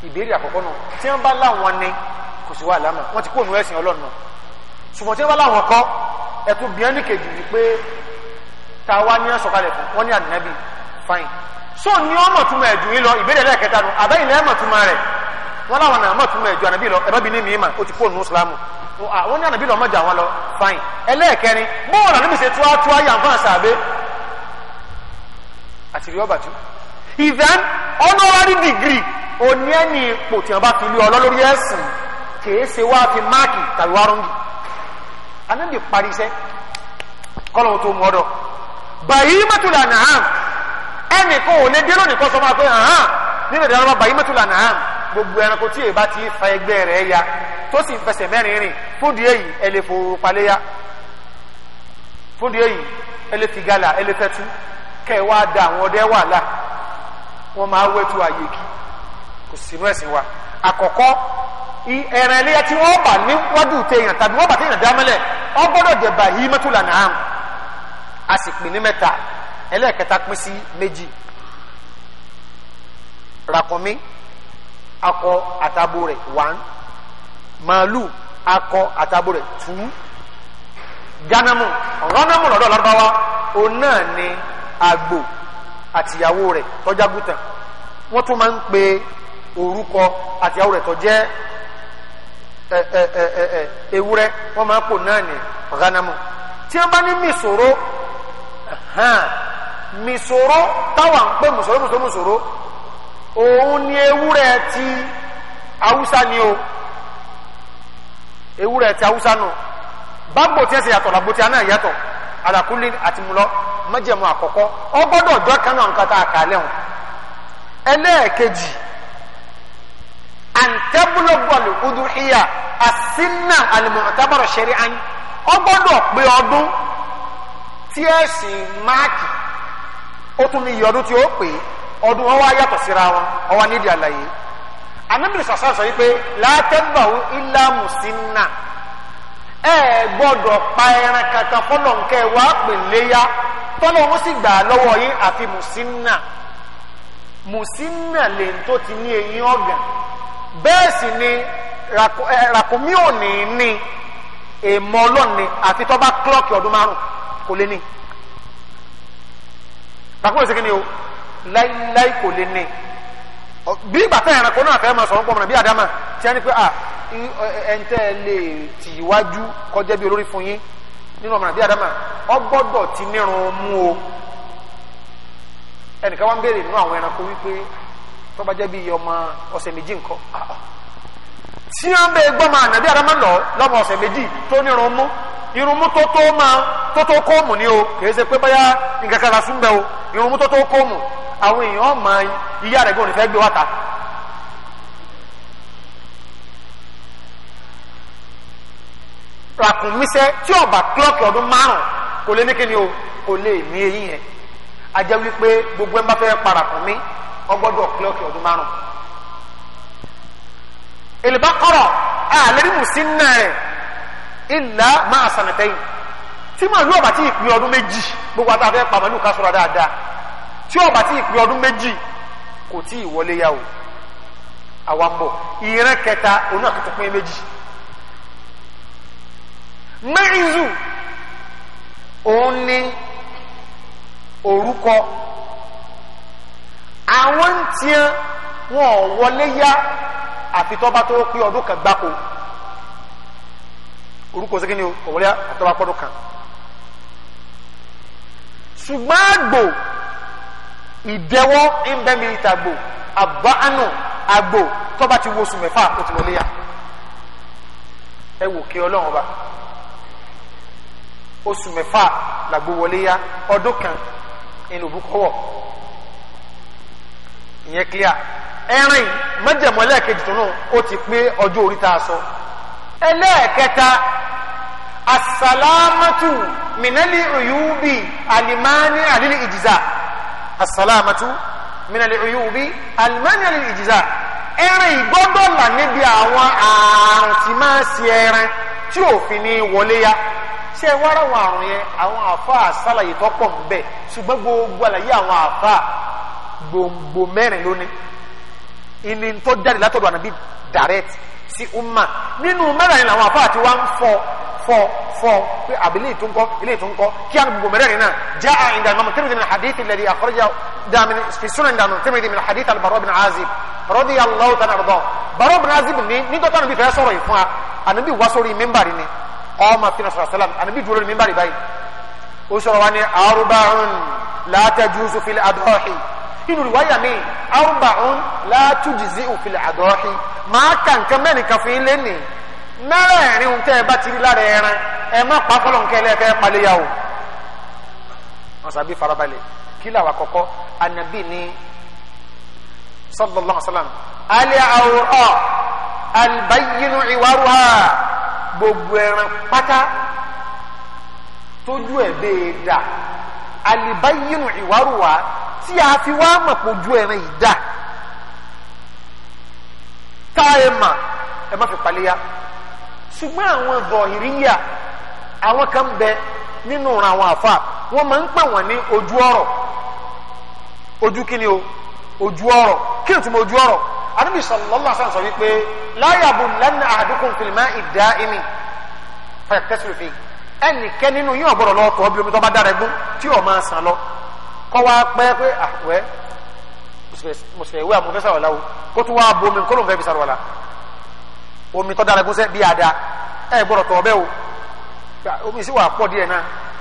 [SPEAKER 1] ìbéèrè àkọ́kọ́ náà tí wọ́n bá láwọn ní kò sí wàhálà mà wọ́n ti kó ònú ẹ̀sìn ọlọ́run náà ṣùgbọ́n tí wọ́n bá láwọn kọ́ ẹ̀tún bíọ́nì kejì wípé ta wá ní ọ̀sọ̀ kalẹ̀ fún wọ́n ní ànábì fine so ní ọmọ túmọ̀ ẹ̀jú yìí lọ ìbéèrè lẹ́ẹ̀kẹta nu àbẹ́yìn lẹ́ẹ̀mọ̀ túmọ̀ rẹ̀ wọ́n láwọn náà mọ̀ túmọ̀ ẹ̀jú ànábì lọ ẹ̀bá bi ní mìíràn ó ti kó ònú ìsìlámù àwọn ní ànábì lọ mọ̀jà wọn lọ fine ẹlẹ́ẹ̀kẹrin bọ́ọ̀lù ànábì àti rí ọ̀bàtú ìdán honorary degree òní ẹni ipò tí wọn bá fi lé ọ lọ́lórí ẹ̀sìn kìí ṣe wá fi máàkì tàbí wá rọ́ǹgì anábì parí iṣẹ́ kọ́lọ́hún tó mú ọdọ bàyí mẹ́tùlá nàá ẹnì kan ò lè dé lónìí kọ́ sọ́mọ́ pé hàn nínú ìdánwò bàyí mẹ́tùlá nàá gbogbo ẹranko tí èèbá ti fa ẹgbẹ́ rẹ̀ ya tó sì ń fẹsẹ̀ mẹ́rin rìn fúndì èyí ẹ lè fòrò paléyà fúndì èyí ẹ lè fi ẹ lè fẹ́ tú kẹ́ ẹ wá da àwọn ọdẹ wà lá wọ́n máa wẹ́tu àyè kí kò sínú ẹ̀sìn wa àkọ́kọ́ ẹran ẹlẹ́yà tí wọ́n bà níwájú téèyàn tàbí wọ́n bà téèyàn dámẹ́lẹ̀ wọ́n gbọ́dọ̀ dẹ̀bà yìí mẹ́tòlá náà a sì pín ní mẹ́ta ẹlẹ́ẹ̀kẹta pín sí méjì ràkúnmí akọ àtàbò rẹ̀ one màálù akọ àtàbò rẹ̀ two ganamu ọ̀rọ̀nàmù lọ́dọ̀ lọ́dọ̀ wa òun náà ni àgbò àtìyàwó rẹ̀ tọ́jágùtàn wọ́n tún máa ń pe orúkọ àtìyàwó rẹ̀ tọ́jẹ́ ewúrẹ́ wọ́n máa ń pò náà ní ghanamu tí wọ́n bá ní mìsòro mìsòro táwa ń pè mùsòro mùsòro mùsòro òun ni ewúrẹ́ ti haúsá ni o ewúrẹ́ ti haúsá nù bágbò tí ẹ ṣe yàtọ̀ làgbò tí alakuli atimulọ májẹ̀mú àkọ́kọ́ ọgbọ́dọ̀ ọjọ́ kan náà nǹkan tá a kà á lẹ́hùn ẹlẹ́ẹ̀kejì àǹtẹ́bùlọ́gbọ̀lù udùhíyà àsínà àlùmọ̀tàbọ̀rọ̀ ṣẹ̀rí ayé ọgbọ́dọ̀ pé ọdún tí ẹ sì máàkì ó tún ní iye ọdún tí ó pè ọdún wọn wá yàtọ̀ síra wọn ọwọ́ nídìí àlàyé anábìrì sàṣàṣà ẹ gbọ́dọ̀ pa ẹran kankan fọ́nà nkẹ́ wàá pè léyà tọ́nà wọn sì gbà lọ́wọ́ yín àfi mùsínà mùsínà lè tó ti ní eyín ọ̀gàn bẹ́ẹ̀ sì ni ràkúnmí ò ní ní èèmọ̀ ọlọ́ọ̀ni àfi tọ́ bá kílọ̀kì ọdún márùn kò lè ní ràkúnmí ò sì kí ni o láíláí kò lè ní bí ìgbà tẹ́ ẹranko náà fẹ́ máa sọ̀rọ̀ pọ̀ mọ̀ bí àdámà tí a pé ah ẹ̀ǹtẹ́ lè tì wájú kọjá bí olórí fún yín nínú ọmọ àbí adama ọgbọ́dọ̀ ti nírun mú o ẹnìkan wá ń béèrè nínú àwọn ẹranko wípé tó bá jẹ́ bí ọmọ ọ̀sẹ̀ méjì nǹkan ah, ah. tí wọ́n bẹ gbọ́ máa nàbí adama lọ lọ́mọ ọ̀sẹ̀ méjì tó nírun mú irun mú tó tó máa tó tó kóòmù ni o kìí ṣe pé báyà nǹkan kan lásùn bẹ o irun mú tó tó kóòmù àwọn èèyàn máa ìyá rẹ̀ gbọ́n ní gbé wá ràkùnmíṣẹ́ tí ọba kílọ̀kì ọdún márùn kò lé ní kíni o kò lè ní eyín yẹn ajẹ́ wípé gbogbo ẹ̀ ń bá fẹ́ pa ràkùnmí ọgbọ́dọ̀ kílọ̀kì ọdún márùn. ìlúbákọ́rọ̀ àlẹ́rí mùsínà rẹ̀ ìlà máa sànàtẹ́yìn tí màálù ọba tí ìpín ọdún méjì gbogbo àtàfẹ́ pa màálù ká sọ̀rọ̀ dáadáa tí ọba tí ìpín ọdún méjì kò tí ì wọlé yá o àwa bọ̀ ìran onú àtúntò méjì mẹ́rìnzù òun ni orúkọ àwọn ń tiẹ́ wọn ò wọlé yá àfi tọ́ba tó pé ọdún kan gbáko orúkọ sí kíni ò wọlé àtọ́ba pọ́dún kan ṣùgbọ́n àgbò ìdẹ́wọ́ ìbẹ́mìlítà àgbò àbáànù àgbò tọ́ba ti wo oṣù mẹ́fà ó ti wọlé yá ẹ wò kí ọlọ́run ọba oṣù mẹ́fà làgbo wọlé ya ọdún kan ẹni òbú kọ́wọ́ ìyẹn clear ẹrin mẹ́jẹ̀mọ́lẹ́ kejì tó náà ó ti pé ọjọ́ orí tá sọ ẹlẹ́ẹ̀kẹta asalamatu minali uyubi alimani alili ijiza asalamatu minali uyubi alimani alili ijiza ẹrin ìgbọ́dọ̀ là níbi àwọn àrùn tí máa ń ṣe ẹran tí òfin ní wọlé ya ṣé ẹ wára àwọn àrùn yẹn àwọn àfa àṣàlàyé tó pọ̀ ń bẹ ṣùgbọ́n gbogbo àlàyé àwọn àfa gbòǹgbò mẹ́rin lónìí ìní tó jáde látọ̀dọ̀ ànábì direct sí umma nínú mẹ́rin làwọn àfa àti wa ń fọ fọ fọ pé àbílẹ̀ tó ń kọ́ ilé tó ń kọ́ kí á gbogbo mẹ́rin náà já a ìdá mọ́mọ́ tẹ́lẹ̀ ní hadith alladhi akhraja dàmí fi sunan dànù tẹ́lẹ̀ ní hadith al-Bara bin Azib radiyallahu ta'ala anhu Bara bin Azib ní nítorí ànábì fẹ́ sọ̀rọ̀ yìí wa ànábì wá sórí mímbàrí ni ọmọ fi nasara salam anabi dúró ní mímbàrí báyìí ó sọ̀rọ̀ wa ní arúbáhùn látàjúzù fìlẹ̀ àdọ́ọ̀hì inú ìwáyà mi arúbáhùn látùjìzì òfìlẹ̀ àdọ́ọ̀hì máa kà nǹkan mẹ́rin kan fún ilé nì mẹ́rẹ̀ẹ̀rin ohun tẹ́ ẹ bá ti rí lára ẹran ẹ má pa fọlọ́ nǹkan ẹlẹ́ẹ̀kẹ́ paléyà o wọn sàbí farabalẹ̀ kí làwọn anabi ní sallallahu alayhi wa sallam alẹ́ albayinu ìwárùhà gbogbo ẹran pátá tójú ẹ̀ bẹ́ẹ̀ e dà àlìbáyínú ìwárùwá tí a fi wá mọ̀ pójú ẹran yìí dà tá ẹ mà ẹ má fi paléyà ṣùgbọ́n àwọn zọ̀hìríyà àwọn kan bẹ nínú ìran àwọn àfa wọ́n máa ń pè wọ́n ní ojú ọ̀rọ̀ ojú kíni o ojú ọ̀rọ̀ kí o tún mọ ojú ọ̀rọ̀ anábì sallallahu alaihi wasallam sọ wípé la yabullanna ahadukum fil ma'i da'imi fayaktasilu fihi ẹnìkẹ́ nínú yín ọ̀gbọ́dọ̀ lọ tọ́ bí omi tó bá dára ẹgbọ́n tí ò máa sàn lọ kọ́ wa pẹ́ pé àwẹ́ ah, mùsùlùmí ìwé àmúfẹ́ sàrọ̀lá o kó tún wá bo omi kó ló ń fẹ́ fi sàrọ̀lá omi tó dára ẹgbọ́n sẹ́ bí àdá ẹ gbọ́dọ̀ tọ́ ọbẹ̀ o omi sì wà pọ̀ díẹ̀ náà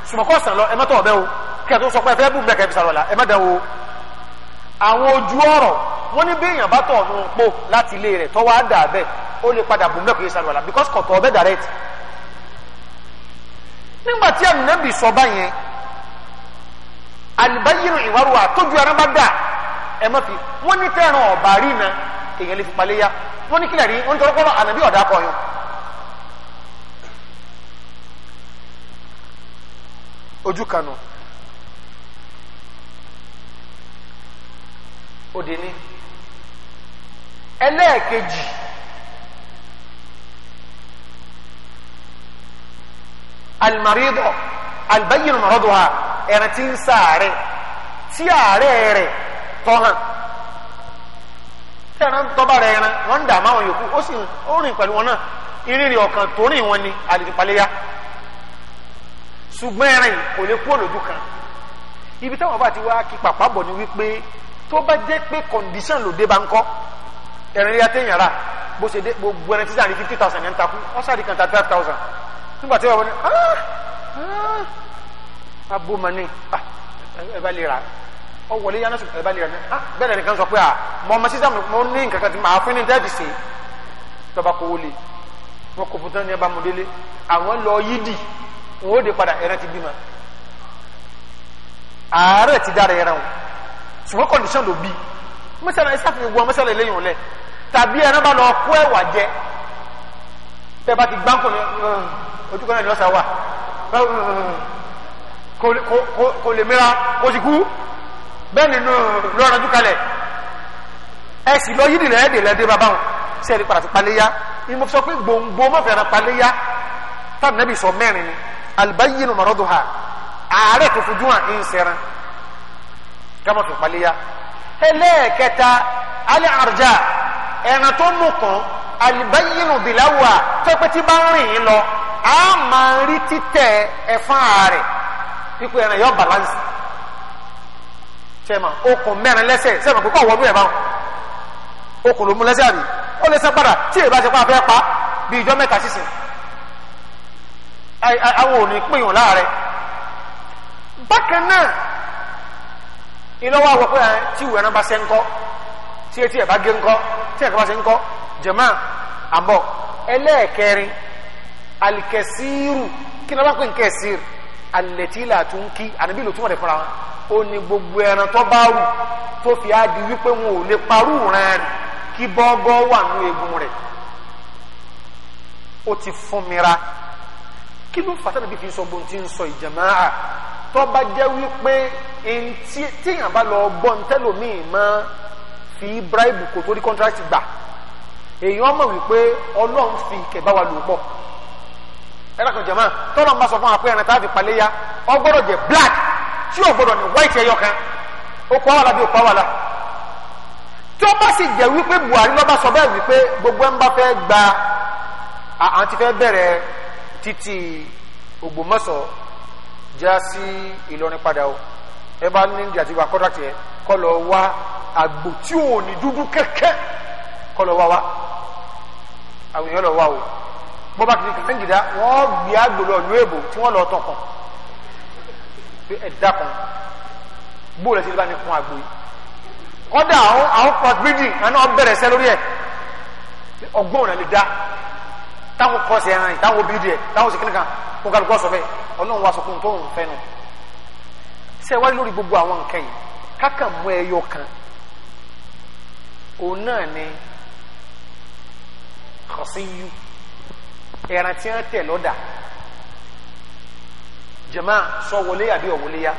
[SPEAKER 1] sùmọ́kọ́ sàn lọ ẹ má tọ́ ọbẹ̀ o kí ẹ tó sọ pé ẹ fẹ́ bù mẹ́kẹ́ fi sàrọ̀lá ẹ má dá o àwọn ojú ọ̀rọ̀ wọ́n ní béèyàn bá tọ̀ ọ̀nù pò láti ilé rẹ̀ tọ́wọ́ á dà bẹ́ẹ̀ ó lè padà bùn bẹ́ẹ̀ kò yẹ sàlùwàlà because kò tọ̀ ọbẹ̀ direct. nígbà tí ànábì sọ báyẹn àlùbáyìrì ìwárò àtọ́jú ẹran bá dà ẹ má fi wọ́n ní tẹ́ran ọ̀bà rí na èèyàn lè fi palẹ̀ yá wọ́n ní kílẹ̀ rí wọ́n tọrọ pọ́nrọ́ ànábì ọ̀dà kọyọ. ojú kanu òde ní ẹlẹ́ẹ̀kejì almaridọ albayin mọ̀rọ́dọ̀ ha ẹ̀rẹ̀ tí ń sáàrẹ̀ tí ààrẹ rẹ̀ tọ́ hàn tẹ́ran tọ́ba rẹ̀ ẹran wọ́n ń dààmú àwọn yòókù ó sì ń rìn pẹ̀lú wọn náà ìrìnrìn ọ̀kan tó rìn wọn ni àlejòpaléyà ṣùgbọ́n ẹran kò lè kú òlòdù kan ibi táwọn bá ti wá kí pàpà bọ̀ ni wípé tó bá jẹ́ pé condition ló dé bá ń kọ́ ẹ̀rìn rí atẹ́yìn ara bó ṣe dé gbogbo ẹni títà ní fifty thousand yẹn ń takú wọ́n sáré kan thirty five thousand nígbà tí wọ́n wọ́n ah, ah, ní ah, ẹ bá lè ra ọ wọlé yánná sùn ẹ bá lè ra ah, bẹ́ẹ̀ nìkan sọ pé ah, mọ ọmọ sísá mo ní nǹkan kan tí màá fún ní dẹ́ẹ̀dì sí tọba kò wọlé wọn kò fún tán ní ẹ bá mo délé àwọn lọ yídì wọn ó de padà ẹran ti bímọ ààrẹ ti dára ẹran wọn ṣùgbọ́n condition ló bí mọ́sálà ẹ̀sà fi wọ mọ́sálà eléyìí ọ̀lẹ́ tàbí ẹ̀rọ bá lọ kó ẹ̀wà jẹ tẹ́ bá ti gbá kò ní ojú kan náà ni ọ̀sà wà kò lè mìíràn kò sì kú bẹ́ẹ̀ ni lọ́ọ̀rọ̀ ojú kalẹ̀ ẹ sì lọ yídìí rẹ̀ ẹ̀dẹ̀ lẹ́dẹ̀ bàbá wọn sí ẹ̀rí padà sí paléyà ni mo sọ pé gbòǹgbò mọ́fẹ̀ẹ́ràn paléyà tábìlẹ́bì sọ mẹ́rin ni àlùbáyé nu mọ̀rọ́dù ha ààrẹ tó fojú hàn ń sẹ́ran kama fi paliya ẹlẹ́ẹ̀kẹta alẹ́ àrùjá ẹran tó nù kan alìbáyínú bìláwà tẹ́pẹ́ tí bá ń rìn yín lọ a máa rí títẹ̀ ẹ̀fọn ààrẹ pípé ẹran yọ balance tẹ́mà okùn mẹ́rin lẹ́sẹ̀ sẹ́mà pípọ̀ wọ́n mú ẹ̀ bá wọn okùn ló mú lẹ́sẹ̀ àbí ó lè sẹ́ padà tí èyí bá ṣe pa afẹ́ pa bí ìjọ mẹ́ta sísìn àwọn ò ní pín ìwọ̀n láàrẹ bákan náà ìlọ́wọ́ àwọn pé tí ìwé ẹran bá ṣe ń kọ́ tí etí ẹ̀ bá gé ń kọ́ tí ẹ̀ka bá ṣe ń kọ́ jẹ̀mọ́ àbọ̀ ẹlẹ́ẹ̀kẹrin alikẹsíìrù kí ni wọ́n pè ń kẹsíìrù alẹ́tìlà tó ń kí ànábì ló tún wọ̀dẹ̀ fúnra wọn ó ní gbogbo ẹran tó bá rù tó fi á wípé wọn ò lè parú rẹ̀ kí bọ́gọ́ wà nú egun rẹ̀ ó ti fún mi ra kí ló fàtà níbi fi sọ bó ti ń sọ ìjàmáà tọ́ba jẹ́ wípé tíyàn bá lọ bọ́ ntẹ́lómìn máa fi bíráìbù kò tó rí kọ́ńtrákì gbà èèyàn mọ̀ wípé ọlọ́run fi kẹ̀bá wa lò pọ̀ ẹ̀rọ kan jẹ̀mọ́ tọ́lọ́ ń bá sọ fún wa pé ẹran tá a fi ọ gbọ́dọ̀ jẹ́ black tí ò gbọ́dọ̀ ní white ẹyọ kan ó pa wàhálà bí ó pa wàhálà tí ó bá sì jẹ́ wípé Buhari ló bá sọ bẹ́ẹ̀ wípé gbogbo ẹ̀ ń bá fẹ́ gba àwọn ti fẹ́ Titi Ògbómọ̀ṣọ́ já sí Ìlọrin padà o ẹ bá ní ìdí àti ìwà kọ́dàtì ẹ kọ́ lọ wá àgbò tí ò ní dúdú kẹ́kẹ́ kọ́ lọ wá wá àwọn èèyàn lọ wá o bọ́ bá kìí kìí jìdá wọ́n gbé àgbò lọ èbò tí wọ́n lọ tán kan pé ẹ̀dá kan bóòlù ẹ̀sìn bá ní kun àgbò yìí kọ́dà àwọn àwọn cross àná bẹ̀rẹ̀ sẹ́ lórí ẹ̀ ọgbọ́n ọ̀nà lè dá táwọn kọ́ọ̀sì ẹran yìí táwọn obìnrin rẹ̀ táwọn sìnkìnnì kan kó kálukọ́ sọ bẹ́ẹ̀ ọlọ́run wa sọ fún un tó ń fẹ́ nu ṣe wáyé lórí gbogbo àwọn nǹkan yìí kákà mú ẹyọ kan òun náà ni kọ̀síyú ẹran tí wọ́n tẹ̀ lọ́dà jẹ̀má sọ wọlé àbí ọ̀wọlé yá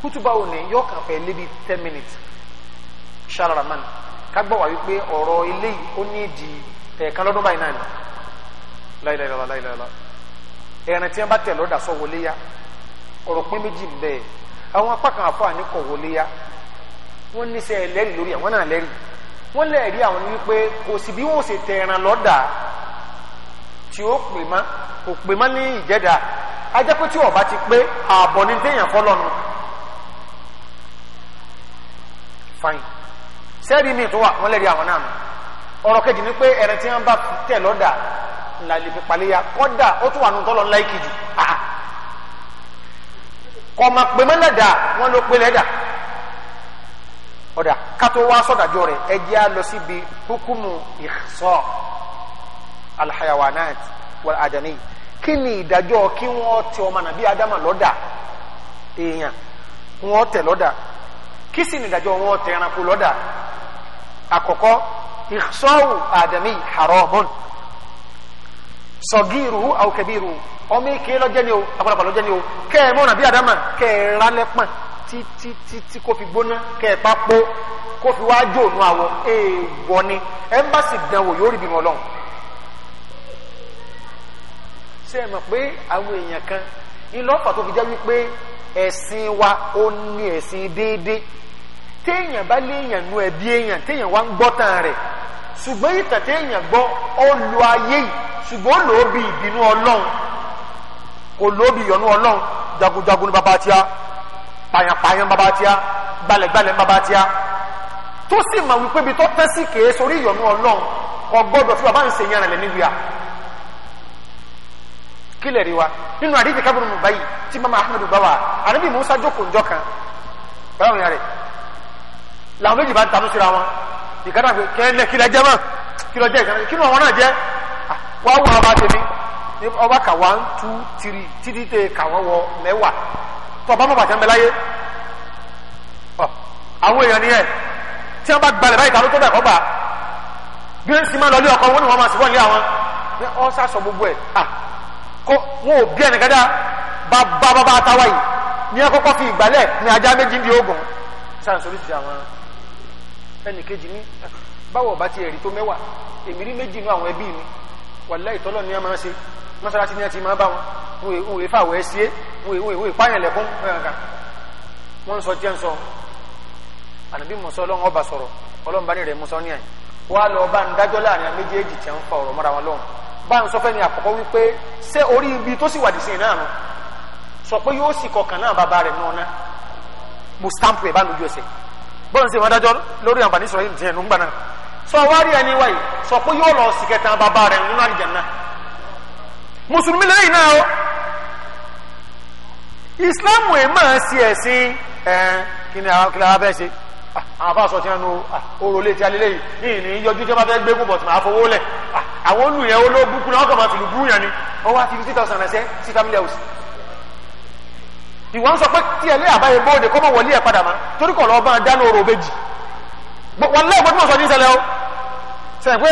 [SPEAKER 1] kútùbà òní yóò kàn fẹ́ lébi ten minutes ṣàlàyé man kágbọ́ wà wípé ọ̀rọ̀ eléyìí ó ní ìdí ẹ̀ẹ̀kan lọ́dún báyìí náà ni. láìláìlọ́lá láìláìlọ́lá ẹran tí wọn bá tẹ lọ́dà sọ wọlé yá ọ̀rọ̀ pín méjì bẹ́ẹ̀ àwọn apá kan àfọ àníkọ̀ wọlé yá wọ́n ní ẹlẹ́rìí lórí wọn náà lẹ́rìí wọ́n lẹ́rìí àwọn ní wípé kò sí bí tẹ ẹran lọ́dà tí ó pè má kò pè má ní ìjẹ́dà pé tí ọba ti pé ààbọ̀ ní téèyàn fọlọ́nu fain ni pé ẹran tí bá lálẹ́ fi paléyà kọ́dà ó tún wà nù tọ́lọ́ ńlá ìkejì kọ́mọ pé mẹ́lẹ́dà wọ́n ló pé lẹ́dà ọ̀dà kátó wá sọ̀dájọ́ rẹ̀ ẹjẹ́ á lọ síbi hukumu ìsọ alhayawanat wal adami kí ni ìdájọ́ kí wọ́n tẹ ọmọ nàbí adama lọ́dà èèyàn wọ́n tẹ lọ́dà kí sì ni ìdájọ́ wọ́n tẹ ẹranko lọ́dà àkọ́kọ́ ìsọ́wù adami haramun sọgíruhu aw kẹbíruhu ọmọ èké lọ́jẹ́ ni o àgbàlagbà lọ́jẹ́ ni o kẹ́ ẹ mọ́nà bí adama kẹ́ ẹ rálẹ̀ pọ̀n títí títí kó fi gbóná kẹ́ ẹ pápó kó fi wá jó ònú àwọ̀ èèwọ̀ ni ẹ́mbàsì dánwò yóò rí bímọ lọ́hùn. ṣé ẹ mọ̀ pé àwọn èèyàn kan ìlọ́pàá tó fi jẹ́ wa ó ní ẹ̀sìn déédéé téèyàn ṣùgbọ́n ìtàtẹ́ èèyàn gbọ́ ó lo ayé yìí ṣùgbọ́n ó lò ó bí ìbínú ọlọ́run kò lò ó bí ìyọnú ọlọ́run jagunjagun ní bàbá tíá pàyànpàyàn bàbá tíá gbalẹ̀gbalẹ̀ bàbá tíá tó sì mà wípé ibi tó tẹ́ sí kèé sórí ìyọnú ọlọ́run kò gbọ́dọ̀ fi bàbá ń ṣe yẹn rẹ̀ níbi à kílẹ̀ rí wa nínú àdíjì kábùrù mùbá yìí tí mama ahmed bá wà àdébí musa jókòó njọ́ kan báwọn yàrá làwọn méjì bá ń tanú síra wọn ìkádà pé kẹ́lẹ́ kí lọ jẹ́ mọ́ kí lọ jẹ́ ìkádà kí lọ wọn náà jẹ́ ah, wá wọ ọba tèmi ní ọba kà wá ń tú tiri títí tẹ kàwọ́ wọ mẹ́wàá tó ọba mọ̀ bàtà ń bẹ láyé àwọn èèyàn nìyẹn tí wọn bá gbalẹ̀ báyìí tàbí tó bẹ̀ kọ́ bá bí wọn sì máa lọ lé ọkọ wọn ni wọn máa sì wọ́n lé àwọn ní ọ́n sá sọ gbogbo ẹ̀ ah, kó wọn ò bí ẹnìkadà bá bá bá bá táwa yìí ní ẹ kọ́kọ́ fi ìgbálẹ̀ ní ajá méjì ń di oògùn sáà sórí ti àwọn ẹnìkejì ní ah, báwọ̀ bá ti ẹ̀rí tó mẹ́wàá èmi rí méjì inú àwọn ẹbí mi wàláhì tọ́lọ̀ ní a máa ṣe mọ́sálásí ní a ti máa bá wọn òun èé fàwọ̀ ẹ sí é òun èé pààyàn lẹ́kún ẹ̀ka wọ́n ń sọ tí ń sọ ànàbí Mùsá ọlọ́run ọba sọ̀rọ̀ ọlọ́run bá ní rẹ̀ Mùsá ní àyìn wọ́n á lọ bá ń dájọ́ láàrin méjèèjì tí ń fa ọ̀rọ̀ mọ́ra wọn lọ́run bá ń sọ fẹ́ ni àkọ́kọ́ wípé ṣé orí ibi tó sì wàdí sí náà nù sọ pé yóò sì kọkàn náà bàbá rẹ̀ náà ná mo stamp rẹ̀ bá lójú ẹsẹ̀ bọ́n ṣe wọn dájọ́ lórí àǹfààní Israel tiẹ̀ ló ń gbà náà sọ wá rí ẹni wáyé sọ pé yóò lọ sí kẹta bàbá rẹ nínú àlìjànnà mùsùlùmí lẹ́yìn náà o ìsìláàmù ẹ̀ máa ṣe ẹ̀sìn ẹ̀ kí ni àwọn kìlá abẹ́ ṣe ah, àwọn afáàsọ tí wọn nu ah, oró létí alẹ́lẹ́ yìí ní ìyọjú tí wọn bá fẹ́ gbé kúbọ̀ tí wọn á fowó lẹ̀ ah, àwọn olùyẹn olóògùn kúnlẹ̀ wọn kàn máa fìlú búrú yẹn ni wọn wá fi fifty thousand ẹsẹ̀ sí family house ìwọ ń sọ pé tí ẹlẹ́ àbáyé bóde kọ́ mọ̀ wọlé ẹ̀ padà má torí kọ̀ lọ́ọ́ bá a dáná oró méjì wọn lé ìgbọ́dúnmọ̀ sọ ní ìṣẹ̀lẹ̀ o sẹ́yìn pé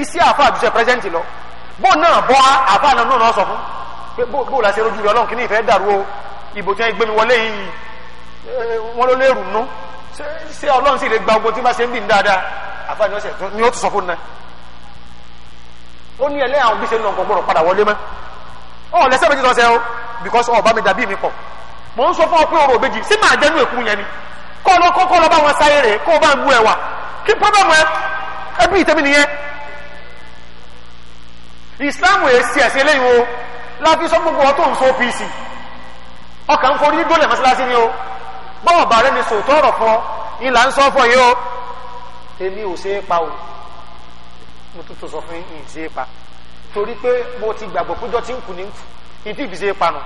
[SPEAKER 1] iṣẹ́ àfa àdúṣe pẹ́sẹ́ǹtì lọ bó náà bọ́ àfa náà náà sọ fún pé bó la ṣe rojú rẹ ọlọ́run kí ní ìfẹ́ dàrú o ìbò tí wọ́n gbé mi wọlé yìí wọ́n ló lérù nú ṣé ọlọ́run sì lè gba ogun tí wọ́n ṣe ń bì ń dáadáa àfa ni ó ti sọ fún náà ó ní ẹlẹ́yàwó bí ṣe ń lọ nǹkan gbọ́dọ̀ padà wọlé mọ́ ọ lẹsẹ méjì lọsẹ o because ọba mi dàbí mi pọ mò ń sọ fún ọ pé ọ̀rọ̀ méjì sí màá dẹnu èkú yẹn ni kọ́ lọ kọ́ kọ́ lọ bá wọn sáyé rẹ̀ kó o bá ń bu ẹ̀wà kí pọ́bẹ́mù ẹ ẹbí ìtẹ́mi nìyẹn ìsìláàmù èsì ẹ̀sìn eléyìí o láti sọ gbogbo ọtún ń so pc ọkàn ń forí dólẹ̀ mọ́sálásí ni o bọ́wọ̀ bàrẹ́ mi sòótọ́ ọ̀rọ̀ fún ọ ìlà ń sọ fún yìí o èmi ò ṣe é pa o mo tuntun sọ fún yìí ń torí pé mo ti gbàgbọ́ pé dọ́tí ń kù ní ìdí ìbísẹ̀ panu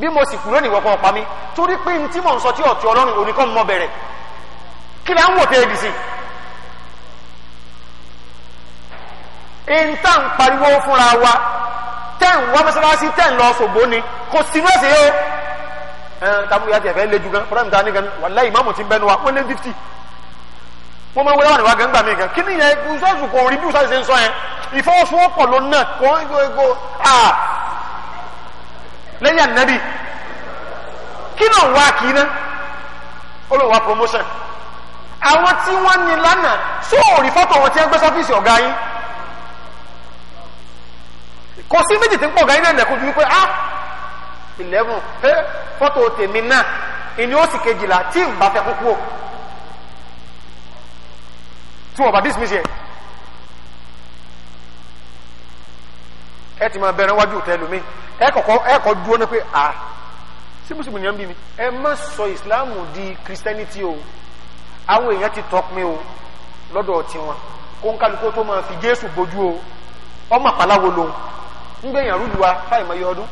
[SPEAKER 1] bí mo sì kúrò níwọ̀ kan ọ̀pá mi torí pé ní tí mò ń sọ tí ọ̀tí ọlọ́run oníkan mọ bẹ̀rẹ̀ kí là ń wò tẹ́lẹ̀ sí i. n tá n pariwo fúnra wa tẹ́ ń wá mọ́sálásí tẹ́ lọ ṣògbó ni kò sí mẹ́sì yó. ẹ ẹ tàbí ìyá tiẹ̀ fẹ́ gan fúnra mi ta ni gan wàláhì ìmáàmù wọ́n máa ń wẹ́rẹ́ wà níwájú gbà mí gan kí ni yẹn gúúsọ́ọ̀sù kò rí gúúsọ́ọ̀sù ṣe ń sọ yẹn ìfọwọ́sowọ́pọ̀ ló náà kò ń gbogbo ego à lẹ́yìn ànábì kí náà wá kì í ná ó lè wá promotion àwọn tí wọ́n ní lánàá sí òòrì fọ́tò wọn tí wọ́n gbé sọ́fíìsì ọ̀gá yín kò sí méjì tí ń pọ̀ ọ̀gá yín náà nẹ̀kọ́ ju wípé ah eleven fọ́tò tèmi náà ìní ó sì kejìlá tí ì bá fẹ́ kúkú tí wọ́n this, dismiss yẹ ẹ ti máa bẹ̀rẹ̀ wájú tẹ lómi ẹ kọ̀kọ́ ẹ kọ̀ dúró ní pé a sí mùsùlùmí yẹn bí mi ẹ má sọ ìsìláàmù di christianity o àwọn èèyàn ti tọpin o lọ́dọ̀ tiwọn kó ń kálukó tó máa fi jésù bójú o ọmọ àpàláwo lòun ń gbẹ̀yìn àrùlù wa fáì mọ́ iye ọdún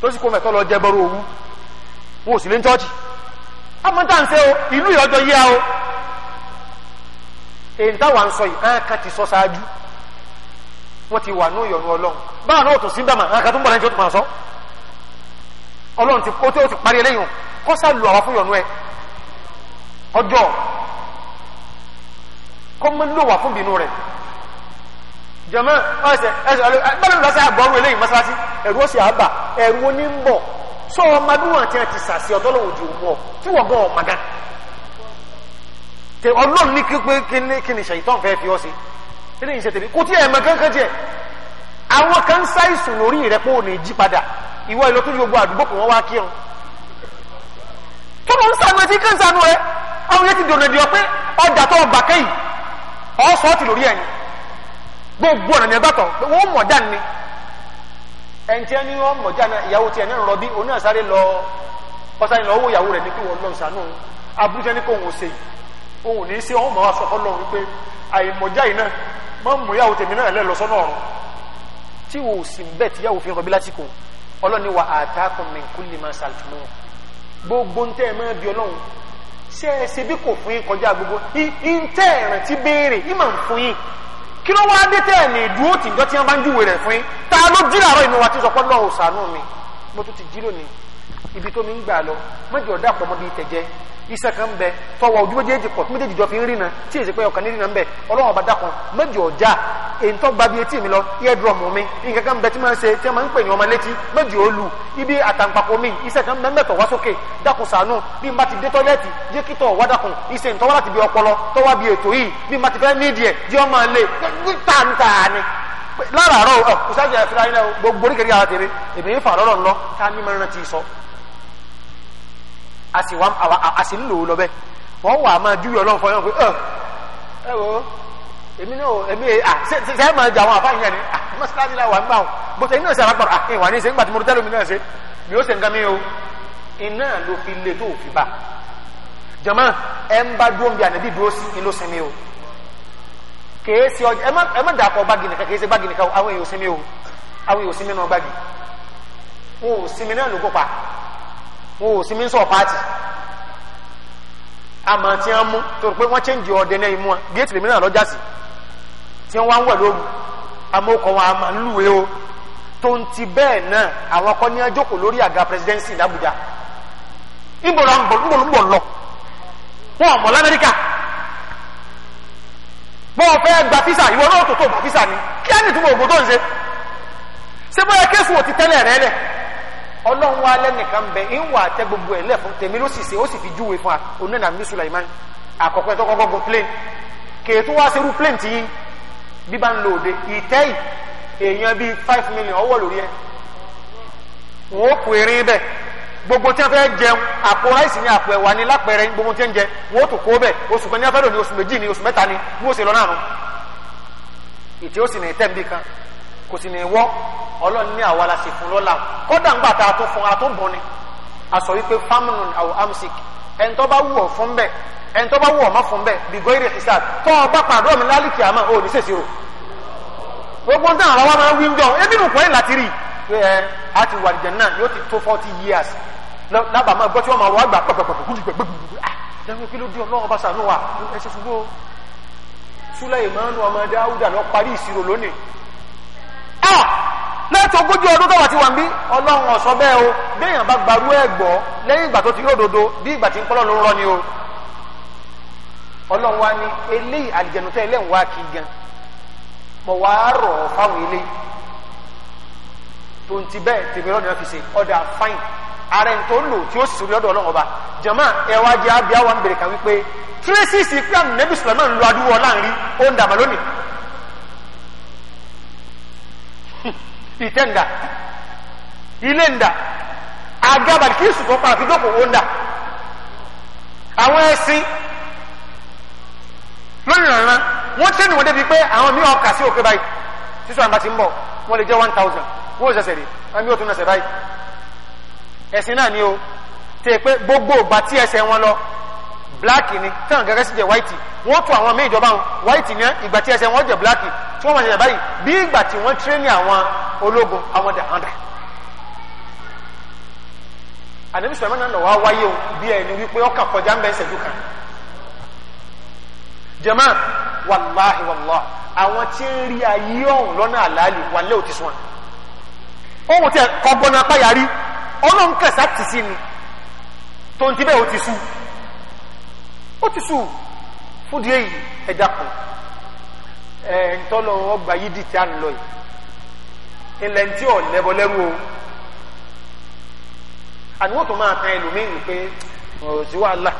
[SPEAKER 1] tó sì kó mẹ́tọ́ lọ jẹ́bọ́rọ̀ owó wọn ò sì lé ń chọ́ọ̀chì àmọ́ tá à ń ṣe o ìlú ìyọjọ́ yíya o èyí táwa ń sọ yìí hàn kan ti sọ ṣáájú wọ́n ti wà ní ìyọ̀nù ọlọ́run báwọn náà tún sí bàmà hàn kan tó ń bọ̀ lẹ́jọ́ tó máa sọ ọlọ́run ti kó tó ti parí eléyìí kó sá lu àwa fún ìyọ̀nù ẹ ọjọ́ kó mọ́ lò wá fún bínú rẹ̀ jọmọ ọsẹ ẹsẹ ọlọ gbọ́dọ̀ lọ sí àgbọrú eléyìí mọ́sálásí ẹrú ọsẹ àbà ẹrú onímbọ sọ ọmọdún àti àti sàṣẹ ọtọlọwọjọ mọ tí wọn gan tẹ ọlọ́run ní pé kí ni ṣèyítọ́n fẹ́ fi ọ́ sí ilé yìí ṣe tèmi kò tí ẹ̀ mọ kankan jẹ àwọn kan ṣàìsùn lórí rẹ pé ò ní jí padà ìwọ ìlọ tó ju gbogbo àdúgbò kò wọ́n wá kí wọn. tó mọ̀ ń sànú etí kí ń sànú ẹ àwọn yẹn ti dòdò di ọ pé ọjà tó ọgbà kẹ́yìn ọ sọ ti lórí ẹ̀yìn gbogbo ọ̀nà ní ẹ bá tọ̀ wọ́n mọ̀ dá ni ẹn tí ẹ ní wọ́n mọ̀ dá ni ìyàwó tiẹ̀ ní rọbí oní àsáré lọ ọ̀sán ìlọ́wọ́ ìyàwó rẹ̀ ní pé wọ́n lọ́n sànú àbújá ní kò wọ́n ṣe yìí òun ní í ṣe ọmọ wa sọ fọlọ wípé àìmọjá yìí náà máa ń mú yàwó tèmi náà lẹ lọ sọnà ọrùn tí o sí bẹ́ẹ̀ tí yàwó fi rọbí lásìkò ọlọ́ni wa àtàkùn min kulli ma sàlùmọ́ gbogbo ń tẹ́ ẹ máa bí ọlọ́run ṣé ẹ ṣe bí kò fún yín kọjá gbogbo ń tẹ́ ẹ̀rìn tí béèrè yín máa ń fún yín kí ló wáá dé tẹ́ ẹ̀ ní ìdúró tí ìjọ tí wọ́n bá ń júwèé rẹ̀ fún yín ta ló jí làárọ̀ inú wa ti sọ pé lọ́ọ̀ mi mo tún ti jí lónìí ibi tó mi ń gbà lọ mọ́jọ́ dàpọ̀ mọ́ bíi tẹ̀jẹ́ iṣẹ́ kan bẹ fọwọ́ ojú méjèèjì pọ̀ méjèèjì jọ fi ń rìnà tí èsì pé ọkàn ní rìnà ń bẹ ọlọ́run ọba dákan mẹ́jọ ọjà èyí tó gba bí mi lọ iye dùrọ̀mù mi nǹkan kan bẹ tí máa ń tí máa ń pè ní ọmọ létí mẹ́jọ olù ibi àtàǹpàkò mi iṣẹ́ kan bẹ mẹ́tọ̀ wá sókè dákun ṣàánú bí n bá ti dé tọ́lẹ́ẹ̀tì jẹ́ kí tọ̀ wá dákun iṣẹ́ ìtọ́wá láti bí ọpọlọ tọ́wá bí ètò yìí bí n bá ti fẹ́ nídìí ẹ̀ jẹ́ ọmọ ilé tàǹtàǹ láràárọ̀ ọ̀kùsájú ẹ̀fẹ́ láyé náà gbogbo oríkèrí àwọn tèrè èmi ń fà a wam wá a sì ń lò ó lọ bẹ́ẹ̀ wọ́n wà á máa júwe ọlọ́run fọyọ́n pé ẹ wo èmi náà èmi à ṣe é máa jà àwọn àfáàyàn yẹn ni mọ́sálásí la wà ń gbà wọn bó ṣe iná ṣe àbápàrọ̀ àti ìwà ní ṣe ńgbà tí mo tẹ́lẹ̀ mi náà ṣe mi ó ṣe nǹkan mi o iná ló fi le tó fi bá jama ẹ ń bá dúró bí ànábì dúró sí ilé sinmi o kèé sí ọjà ẹ má dàpọ̀ báàgì nìkan kèé sí báàgì nìkan àwọn èèyàn ò sinmi o àwọn èèyàn ò sinmi náà báàgì wọn ò sinmi náà ló kópa wọn ò sí mínísọ̀ pàtì àmọ́ tí wọ́n mú tó rò pé wọ́n chẹ́ǹjì ọ̀dẹ náà imú wọn géètì lèmi náà lọ́jà sí tí wọ́n wá ń wẹ̀ lóru amókọ̀ wọn àmọ́ ńlùwẹ̀ o tó ń ti bẹ́ẹ̀ náà àwọn kan ní ajókòó lórí àga presidency l'Abuja ńbọ̀lọ́ ńbọ̀lọ́ ńbọ̀lọ́ lọ wọn ọmọ l'Amẹ́ríkà bọ́ọ̀ fẹ́ gba físà ìwọ náà tó tó gba físà ni kí á nìtúmọ̀ ògbó tó ń ṣe ṣé bóyá kéésù ò ti tẹ́lẹ̀ rẹ́ lẹ̀ ọlọ́run wa lẹ́nìkan bẹ̀ ń wà tẹ gbogbo ẹ̀ lẹ́fún tèmi ló sì ṣe ó sì fi júwe fún wa onídàá mi Sulaiman àkọ́kọ́ ẹ̀tọ́ kọ́kọ́ gun plane kèétú wá serú plane ti yín bí bá ń lo òde ìtẹ́ èèyàn bíi five million ọwọ́ lórí ẹ̀ wọ́n ó kó erin bẹ́ẹ̀ gbogbo tí wọ́n fẹ́ jẹun àpò ráìsì àpò ẹ̀wà lápẹ̀rẹ̀ gbogbo tí wọ́n jẹ wọ́n ó kó lọ kò sì ní wọ́ ọlọ́run ní àwa la sì fún lọ́la kódà ńgbà tá a tó fún a tó bọ̀ ni a sọ wípé famunun aw amsik ẹni tó bá wù ọ́ fún bẹ́ẹ̀ ẹni tó bá wù ọ́ má fún bẹ́ẹ̀ bìgọ́ ìrè hisab tó o bá pàdé ọ̀mí lálìkì àmọ́ ò ní sèṣirò gbogbo nǹkan àwa máa ń wí ń jọ ebi nìkan yìí láti rí ẹ a ti wà nìjẹ náà yóò ti tó forty years lábàá máa gbọ́ tí wọ́n máa wọ́ àgbà pẹ̀pẹ̀pẹ̀ kúndì pẹ̀ gbẹ̀gbẹ̀ ah lẹ́nu kí ló dé ọlọ́run bá sànú wa ẹ ṣe ṣubú o Sùlẹ́mánù ọmọ Dáúdà lọ parí ìṣirò lónìí ah láti ogójì ọdún tó wà ti wà ń bí ọlọ́run ọ̀sọ́ bẹ́ẹ̀ o béèyàn bá gbarú ẹ̀ gbọ́ lẹ́yìn ìgbà tó ti rí òdodo bí ìgbà tí ń pọ́lọ́ ló ń rọ́ ni o ọlọ́run wa ni eléyìí àlìjẹnutẹ́ ẹlẹ́yìn wá kí gan mọ̀ wá rọ̀ fáwọn eléyìí tó ń ti bẹ́ẹ̀ tèmi lọ́dún fi ṣe ọ̀dà fáìn ààrẹ tó ń lò tí ó sì sórí ọ̀dọ̀ ọlọ́run ìtẹ́ ń dà ilé ń dà àga bàlìkísù tó pa àfidókò ó ń dà àwọn ẹṣin lónìí rànran wọ́n tẹ́nu wọn débi pé àwọn míì ọkà sí òkè báyìí sísọ àǹbá ti ń bọ̀ wọ́n lè jẹ́ one thousand wọ́n ò ṣẹ̀ṣẹ̀ rí wọ́n mi ò tún ẹsẹ̀ báyìí ẹṣin náà ni o tẹ̀ pé gbogbo ìgbà tí ẹsẹ̀ wọn lọ black ni tẹ̀wọ̀n gẹ́gẹ́ sì jẹ́ white wọ́n tún àwọn míì ìjọba white ní ìgbà tí ẹsẹ̀ wọn jẹ black tí wọ́n máa ṣe báyìí bí ìgbà tí wọ́n tírénì àwọn ológun àwọn dàhánà. àdébí sọ̀rọ̀ náà lọ wá wáyé o bí ẹni wípé ọkà kọjá ń bẹ́ ṣẹ́jú kan. jàmá wàláhi wàláhi àwọn tí ń rí ayé ọ̀hún lọ́nà àlàálì wàlẹ́ òtí sùn. ohun tí ọgbọ́n apá yarí ọlọ́run kẹsà tì sí ni tó ń tibẹ̀ òtí sùn ó ti sùn fún díẹ̀ yìí ẹ̀dá kan ẹ̀ ń tọ́lọ ọgbà yìí dì tí a ń lọ yìí ilẹ̀ ń tí ọ̀ lẹ́bọ lẹ́rú o àníwò tó máa tan ẹlòmíín pé ọ̀rọ̀ sí wàhálà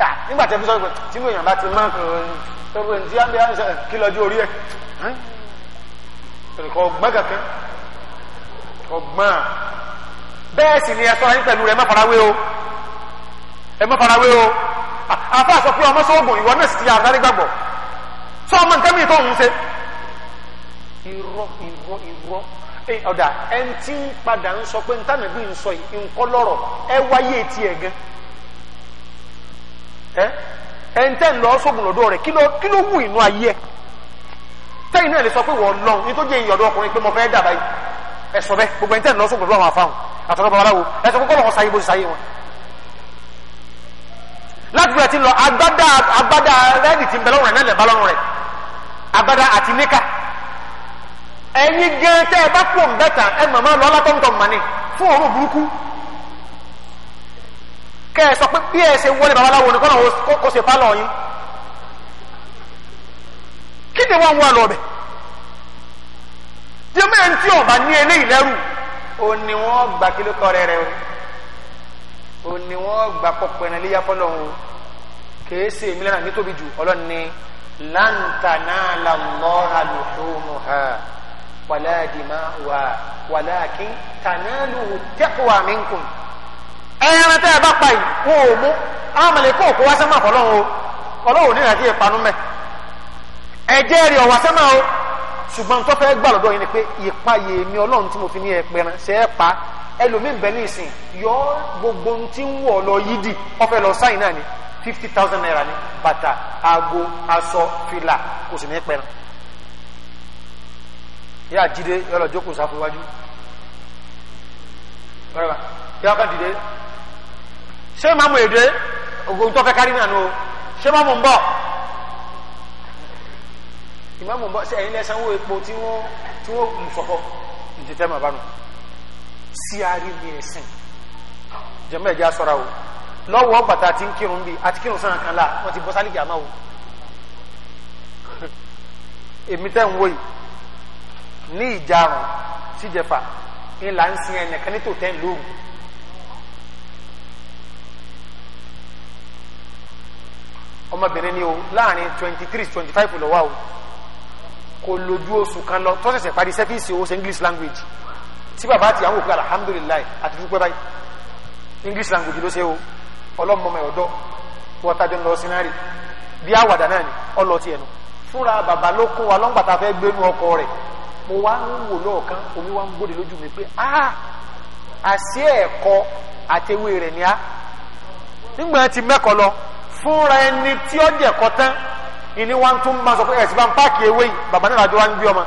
[SPEAKER 1] tà nígbà tẹ́ fi sọ pé tí mo yàn bá ti máa tọ́gbọ̀ ní tí a ń bẹ àǹsẹ̀ kí lọ́jọ́ orí ẹ̀ ẹ̀kọ́ ọgbọ́n kankan ọgbọ́n bẹ́ẹ̀ sì ni ẹ sọ́ra yín pẹ̀lú rẹ̀ ẹ má farawé o ẹ má farawé o àfa àsọ fún ọmọ sọ́ọ̀gùn ìwọ náà sì ti àdárí gbàgbọ́ sọ ọmọ nǹkan mi tó ń ṣe. irọ́ irọ́ irọ́ ọ̀dà ẹni tí ń padà ń sọ pé ń tànà bí ń sọ yìí ń kọ́ lọ́rọ̀ ẹ wáyé etí ẹ̀ gan. ẹni tẹ́ ń lọ sọ́ọ̀gùn lọ́dọ̀ rẹ̀ kí ló wù inú ayé ẹ̀ tẹ́yìn náà lè sọ pé wọ́n lọ ní tó jẹ́ ìyọ̀dọ̀ ọkùnrin pé mo fẹ́ dà báyìí ẹ̀ sọ bẹ́ẹ̀ gbogbo ẹni tẹ́ ń lọ sọ́ọ̀gùn lọ́wọ́ àfáhùn àtọ́nà babaláwo ẹ̀ sọ pé kọ́ lọ́wọ́ sáyé bó ti sáyé wọn. ládùúgbò ẹ̀ ti lọ agbádá agbádá rẹ́ẹ̀dì ti ń bẹ lọ́rùn rẹ̀ agbádá àti níkà ẹ̀yin gan tẹ́ ẹ bá pò ń bẹ́ta ẹ màmá fún burúkú kẹ́ ẹ ẹ ṣe wọ́n ń wá lọ bẹ̀ tí ní eléyìí lẹ́rù ó ní wọ́n gbà pọ̀pọ̀ ẹ̀nà ilé yàpọ̀ lọ́hùn kèésì èmi lẹ́nà mi tóbi jù ọlọ́ni lan tanala Allaha luhumuha wala dima'uha walakin tanaluhu taqwa minkum ẹran tẹ́ ẹ bá pa yìí wọn ò mú àwọn mọ̀lẹ́kọ̀ òkú wá sẹ́mà fọlọ́hùn o ọlọ́hùn ní ìrántí ìpanu mẹ́ ẹ̀jẹ̀ rẹ̀ ọ̀wá sẹ́mà o ṣùgbọ́n tó fẹ́ gbà lọ́dọ̀ yín ni pé ìpayè mi ọlọ́run tí mo fi ní ẹ̀pẹ̀rẹ̀ ṣe é pa ẹlòmíín bẹ́ẹ̀ ní ìsìn yọ gbogbo ohun tí ń wọ̀ lọ yídì ọ̀fẹ́ lọ sáyìn náà ni fifty thousand naira ni bàtà aago aṣọ fìlà kò sì ní ẹ̀pẹ̀rẹ̀ yà jíde yọ lọ jókòó sáfúwájú yà ọkàn dìde ṣé màmú èdè ògùn tó fẹ́ kárí nànú ṣé màmú ń bọ̀ ìmáàmù ń bọ́ sí ẹ̀yin lẹ́sánwó epo tí wọ́n tí wọ́n mú sọ́kọ́ ìtẹ́tẹ́ màá bá nù sí àárín ní ẹ̀sìn jẹ́mọ́ ẹ̀jẹ̀ aṣọra o lọ́wọ́ bàtà tí ń kírun bí àti kírun sàn kan la wọ́n ti bọ́ sálì jàmá o èmi tẹ́ ń wò yìí ní ìjarun síjẹfà ńlá ń sin ẹnìkan ní tòótẹ́ lóòrùn. ọmọbìnrin ni o láàrin twenty three twenty five lọ wá o. kò lójú oṣù kan lọ tó ṣẹ̀ṣẹ̀ parí sẹ́fíìsì owó ṣe english language tí bàbá àti àwọn òkú alhamdulilayi àti dúpẹ́ báyìí english language ló ṣe o lọ bí àwàdà náà ni fúnra bàbá ló kó wa lọ́ngbàtà fẹ́ gbénú ọkọ rẹ̀ mo wá ń wò lọ́ọ̀kan omi wá ń lójú mi pé ẹ̀kọ́ àtẹwé rẹ̀ ni á nígbà tí lọ fúnra ẹni tí ó dẹ̀kọ́ tán ìní wa tún máa sọ pé ẹ̀sìn bá ń páàkì ewé yìí bàbá náà àjọ wa ń gbé ọmọ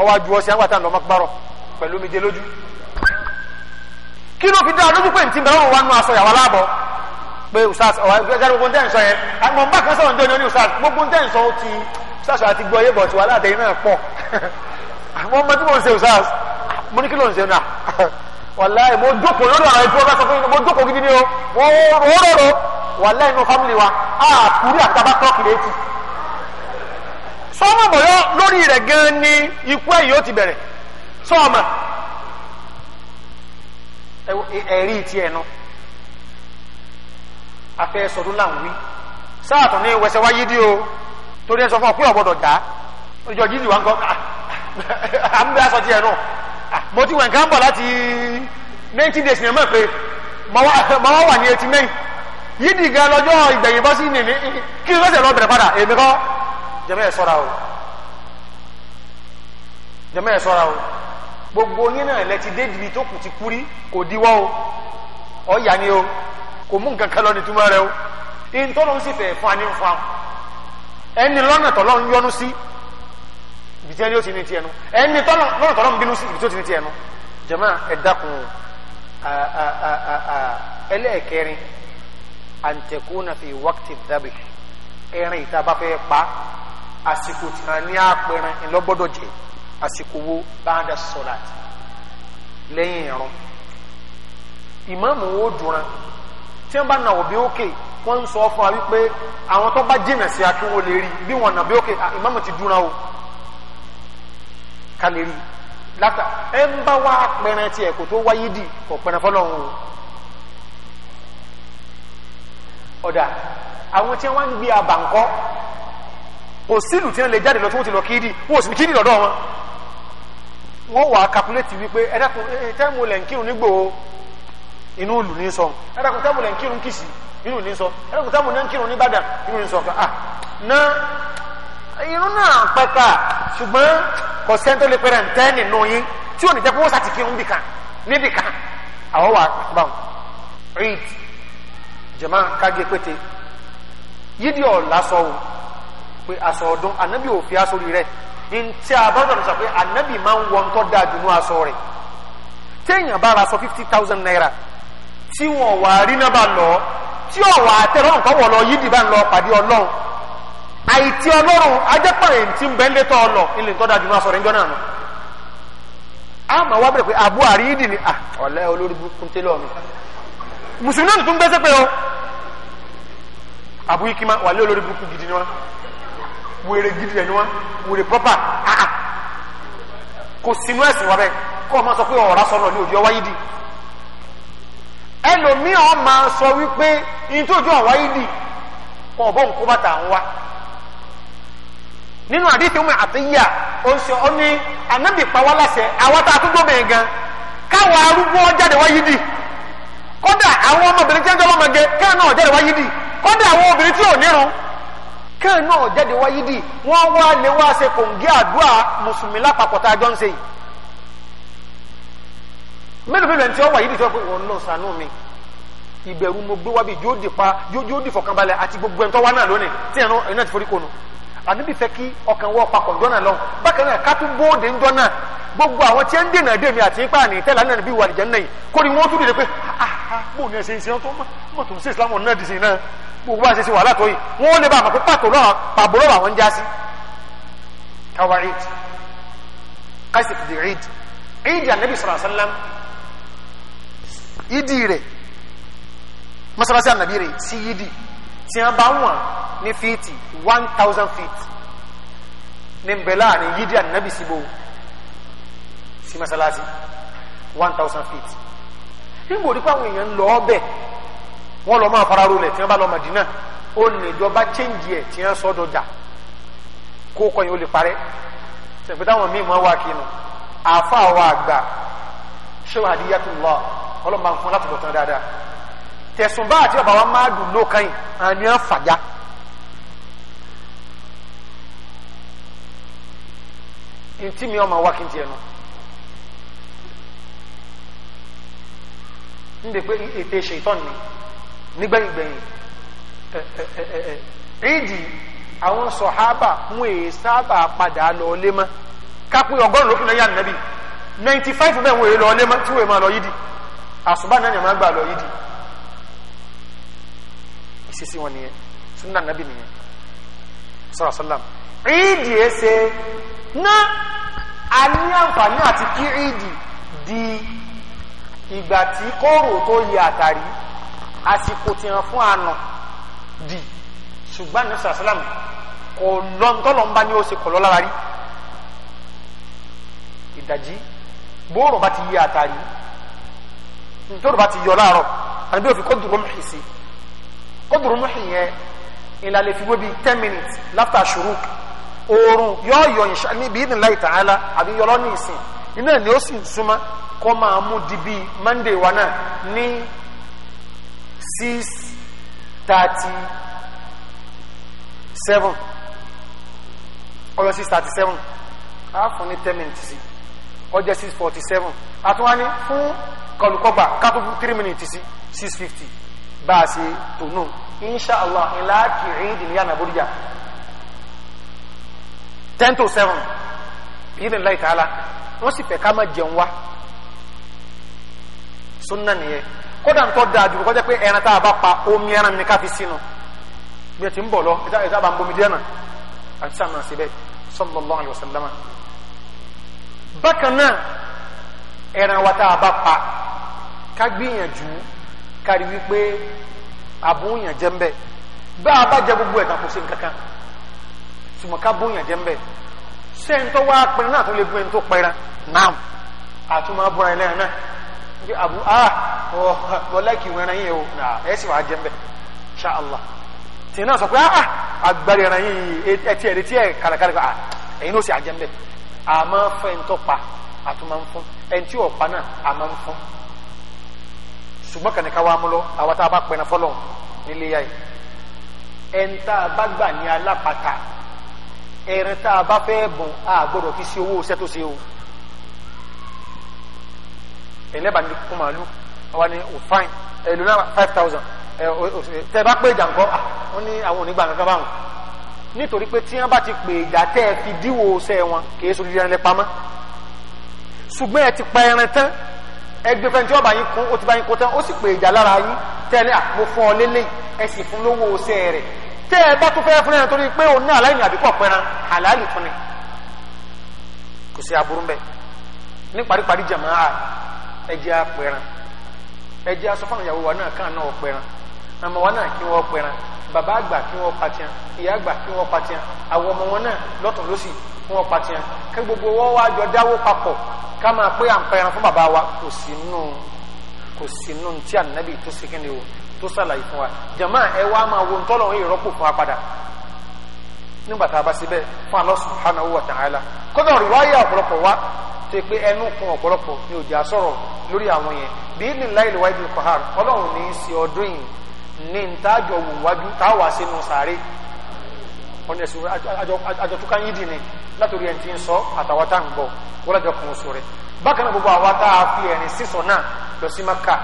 [SPEAKER 1] ọwọ́ àjù ọ̀sẹ̀ àgbàtà ńlọ mọ́kúbárọ̀ pẹ̀lú omijé lójú. kí ló fi dá lójú pé ntí bẹ̀rẹ̀ wọn nù aṣọ ìyàwó aláàbọ̀ pé usas ọ̀wá ẹgbẹ́ gbogbo ntẹ́ nsọ yẹn àmọ́ bá kan sọ̀rọ̀ ndóni usas gbogbo ntẹ́ nsọ ti usas àti gbọ́ yébọ̀ tiwa aláàtẹ̀yìn náà pọ̀ àwọn ọmọ tí mo ń ṣe usas mo ní kí ló ń ṣe náà wàláì mo jókòó lórí àwọn ẹbí ọba sọ fún mi mo jókòó gidi ni o wọ́n rọ̀rọ̀ wàláì inú fámìlì wa àkúrí àtàbà kọ́ọ̀kì lẹ́tì ọmọ lórí rẹ̀ gan ni ikú ẹ̀yìn ó ti bẹ̀rẹ̀ sọ ọmọ ti ẹ̀nu afẹ́ sọdún là wí sáàtọ̀ ní wẹsẹ̀ wáyé dí o torí ẹ sọ fún ọ pé ọ̀gbọ́dọ̀ já ọjọ́ jíjì wá ń kọ́ à ń bẹ aṣọ ti ẹ̀nu mo ti wẹ̀ nǹkan bọ̀ láti nineteen days ní ẹ̀ mọ̀ pé mo wá wà ní eighty nine yídì gan lọ́jọ́ ìgbẹ̀yìn bọ́ sí nìní kí n lọ́sẹ̀ lọ bẹ̀rẹ̀ padà èmi kọ́ jẹ́mẹ́ ẹ̀ sọ́ra o jẹ́mẹ́ ẹ̀ sọ́ra o gbogbo yín náà lẹ ti dé ibi tó kù ti kú rí kò díwọ́ o ọ̀yà ni o kò mú nǹkan kan lọ ní túmọ̀ rẹ o ìtọ́lọ́ sì fẹ̀ fún ani fún àwọn ẹni lọ́nà tọ́lọ́ ń yọnu sí ibi tí ẹni ó ti ní tiẹ̀ nu ẹni lọ́nà tọ́lọ́ ń bínú sí ibi tí ó ti ní tiẹ̀ nu jẹ́mọ́ ẹ dákun ẹlẹ́ẹ̀kẹrin àǹtẹ̀kùnà fi wákìtì dábì ẹran ìta bá fẹ́ pa á. asiko tí wọn ní àpẹẹrẹ ńlọgbọdọ jẹ asiko wo báńdà sọlá lẹ́yìn ìrun ìmáàmù wo dùnrán tí wọn bá nà wọ bí ókè wọn ń sọ fún wa wípé àwọn tó bá jìnà sí akínwó lè rí bí wọn nà bí ókè ìmáàmù ti dùnrán o ká lè rí látà ẹ ń bá wá pẹrẹ tiẹ kò tó wáyé dì kò pẹrẹ fọlọ́run o ọdà àwọn tí wọn ń gbé àbànkọ. kò sílù tí wọ́n lè jáde lọ tí wọ́n ti lọ kídì wọ́n ò sì kídì lọ́dọ̀ wọn. wọ́n wà á kakuléètì wípé ẹ dákun tẹ́mu lẹ̀ ń kírun nígbò inú ìlú ní sọ ẹ dákun tẹ́mu lẹ̀ ń kírun kìsì inú ìlú ní sọ ẹ dákun lẹ̀ ń kírun nìbàdàn inú ìlú ní sọ fún ah ná irun náà pẹ́ka ṣùgbọ́n kò sẹ́ńtọ́ lè pẹ́rẹ́ ǹtẹ́ nínú yín tí ò ní jẹ́ pé wọ́n sàti kírun bìkan níbìkan àwọn wà bá wọn. eid jẹ̀má kágé pété yídìí ọ̀ lásọ̀ o pé aṣọ ọdún anabi ò fi aṣọ rí rẹ ntí abájọ ló sọ pé anabi máa ń wọ ntọ́ dáa dunu aṣọ rẹ téèyàn bá ra aṣọ fifty thousand naira tí wọn wà rí náà bá lọ tí ọwọ́ àtẹrọ nǹkan wọ̀ lọ yídì bá ń lọ pàdé ọlọ́run àìtí ọlọ́run ajẹ́pẹ̀rẹ̀ ntí ń bẹ́ńdé tọ́ ọ lọ ilé ntọ́ dáa dunu aṣọ rẹ ń jọ náà nù àmọ́ wá bẹ̀rẹ̀ pé àbú àríyídì ni ah, ọ̀lẹ́ olórí burúkú tẹ́lọ̀ mi mùsùlùmí náà tún gbẹ́sẹ̀ pé ọ àbú ikima wà lé olórí burúkú gidi ni wọn. wèrè gidi rẹ̀ ni wọ́n wèrè pọ́pà kò sínú wa bẹ́ẹ̀ kọ́ ọ sọ pé ọ̀rá sọ̀rọ̀ ní òjò wáyé di ẹlòmíì ma sọ wípé ní tó jọ wáyé di kọ́ ọ̀bọ̀n kó bàtà ń nínú àdìsí ọmọ àtẹyà oṣù ọní anábì pawálàṣẹ àwọn tá a tún káwọn arúgbó jáde wáyé di àwọn ọmọbìnrin tí kẹ́hìn náà jáde wáyé di, wọ́n wá lé wá ṣe kòǹgí àdúrà mùsùlùmí a yìí mélòó mélòó ẹni tí wọ́n wáyé tí wọ́n wọ́n náà sànú mi ìbẹ̀rù mo gbé wá bí yóò pa yóò di fọkànbalẹ̀ àti gbogbo wá náà lónìí ti forí konu fẹ́ kí ọkàn wọ́ papọ̀ ńjọ́ lọ bákan náà ká bóde ńjọ́ gbogbo àwọn ń dènà dèmi àti ipá tẹ́lá náà náà yìí kórìí wọ́n tún gbogbo àṣẹ sí wàhálà tó yìí wọn ò lè bá àmọ́ pé pàtó lọ́wọ́ pàbó lọ́wọ́ àwọn ń já sí káwa eid kásì fìdí eid eid anabi sọ̀rọ̀ àṣálàm yídì rẹ̀ mọ́sálásí ànàbí rẹ̀ sí yídì tí wọ́n bá wọ̀n ní fíìtì one thousand feet ní bẹ̀ láàrin yídì ànàbí síbò sí mọ́sálásí one thousand feet nígbò rí pé àwọn èèyàn ń lọ wọ́n lọ máa fara rolẹ̀ tí bá lọ Madina ó ní ìjọba chẹ́ǹjì ẹ̀ tí wọ́n kó kọyìn ó lè parẹ́ sẹ̀pẹ́ táwọn míì máa wá kinu àfa àwọn àgbà ṣéwà àdíyàtúlọ́ ọlọ́mọ àwọn fún tán dáadáa tẹ̀sùn bá àti ọ̀bà wa máa dùn àní ntí mi ọmọ nígbẹ̀yìngbẹ̀yìn ìdí àwọn sọ̀hábà wọn èyí sábà padà lọ ọlé mọ́ kápẹ́ ọgọ́rùn ló kún lẹ́yà nàbí 95 bẹ́ẹ̀ wọn èyí lọ ọlé mọ́ tí wọ́n máa lọ yídì àṣùbá náà ni wọ́n gbà lọ yídì ìṣesí wọn nìyẹn sunna nàbí nìyẹn sọ̀rọ̀ sọ́lám ìdí ẹsẹ̀ náà a àǹfààní àti kí ìdí di ìgbà tí kóòrò tó yẹ àtàrí àsìkò tí wọn fún àná di ṣùgbọ́n ní sàlám kò lọ́ntọ́lọ́ ń bá ní oṣù kọ̀lọ́ lára rí ìdajì bóòrò bá ti yí àtàrí nítorí bá ti yọ láàárọ̀ àbí òfin kó dùrọ̀ mùhì sí kó dùrọ̀ mùhì yẹn ìlànà ìfiwé bíi ten minutes láfta ṣùrù oorun yóò yọ ìṣá níbi ìdìláì tààlà àbí yọlọ́ ní ìsìn iná ni ó sì ń súnmọ́ kó máa mú di bíi monday wa náà ní six thirty seven ọlọ six thirty seven a fún ní ten minutes sí ọjọ́ six forty seven àtúwání fún kọlùkọgbà kátó three minutes sí six fifty bá a ṣe tó nù insha allah ńlá kì í dìní yànnà bóríyà ten to seven yìí ní láì tààlà wọ́n sì fẹ́ ká má jẹun wá sunna nìyẹn kódà ntọ́ da àdúgbò kọjá pé ẹran tá a bá pa omi ẹran ni ká fi sínú bí ẹ ti ń bọ̀ lọ ẹ sábà ń bomi díẹ̀nà àti sáà náà síbẹ̀ sallallahu alaihi wasallam. bákan náà ẹran wa tá a bá pa ká gbìyànjú kárí wípé àbúyàn jẹ́ ń bẹ̀ bá a bá jẹ gbogbo ẹ̀ kàkó sí nǹkankan tùmọ̀ ká búyàn jẹ́ ń bẹ̀ sẹ́ńtọ́ wá pẹ̀lú náà tó lè gbé ń tó pẹ̀ra náà àtúmọ̀ abúra ẹ̀ náà bí abu ah wọlẹ́kì wọn ẹran yìí o ẹ sì wàá jẹ mbẹ insha Allah tì náà sọ pé ah, ah agbára ẹran yìí ẹtí ẹ̀ létí ẹ̀ kàlàkàlà ah ẹ̀yin ló sì àjẹ mbẹ àmọ́ fẹ́ ń tọ́pa àtúmọ̀ ń fún ẹ̀ntì ọ̀pá náà àmọ́ ń fún ṣùgbọ́n kàní ká wá mú lọ àwọn tá a bá pẹ́ na fọ́lọ́ nílé yá yìí ẹ̀ńtà bá gbà ní alápàtà ẹ̀rìn tá a bá fẹ́ bùn a gbọ́dọ̀ fi sí owó ṣẹ́ ṣe o. ẹ̀yin lẹ́bàá ní kó màálù o ni ò fáìn ẹ̀lú náà five thousand ẹ̀ tẹ́ bá pé ìjà nǹkan ah, ní àwọn onígbà kankan báwọn nítorí pé tí bá ti pè fi wọn kì esu sojú pamọ́ ṣùgbọ́n ẹ ti pa ẹran tán ẹgbẹ́ fẹ́ tí wọ́n bá yín kún ti bá yín kún tán sì fún ọ lélẹ̀ ẹ sì fún lówó rẹ̀ tẹ́ bá tún fẹ́ fún ni kò sí aburú ẹjẹ́ apẹran ẹjẹ́ aṣọ fáwọn ìyàwó wa náà kàn náà ọpẹran àmọ́ wa náà kí wọ́n pẹran bàbá àgbà kí wọ́n patiẹn ìyá àgbà kí wọ́n patiẹn àwọn ọmọ wọn náà lọ́tọ̀ lọ́sì kí wọ́n patiẹn kí gbogbo wọn wá jọ dáwó papọ̀ ká máa pé à ń pẹran fún bàbá wa kò sí nù kò sí nù tí ànábì tó ṣe kíni o tó ṣàlàyé fún wa jàmá ẹ wá máa wo ntọ́lọ̀ ń rọ́pò fún wa padà nígbà tá a bá ṣe bẹ́ẹ̀ fún Allah subhanahu wa ta'ala kódà tó pé ẹnu kun ọ̀pọ̀lọpọ̀ ni òjò àsọ̀rọ̀ lórí àwọn yẹn bí ní láìlè wáyé bí kọ́hár ọlọ́run ní í ṣe ọdún yìí ní ntájọ wò wájú táwa sínú sàárè ọ̀nà ẹ̀sùn àjọ tó kányí dì ní látòrí ẹ̀ tí ń sọ àtàwọn tá à ń gbọ́ wọ́n lájọ kùn sórí bákan náà gbogbo àwa tá a fi ẹ̀rìn sísọ náà lọ sí maka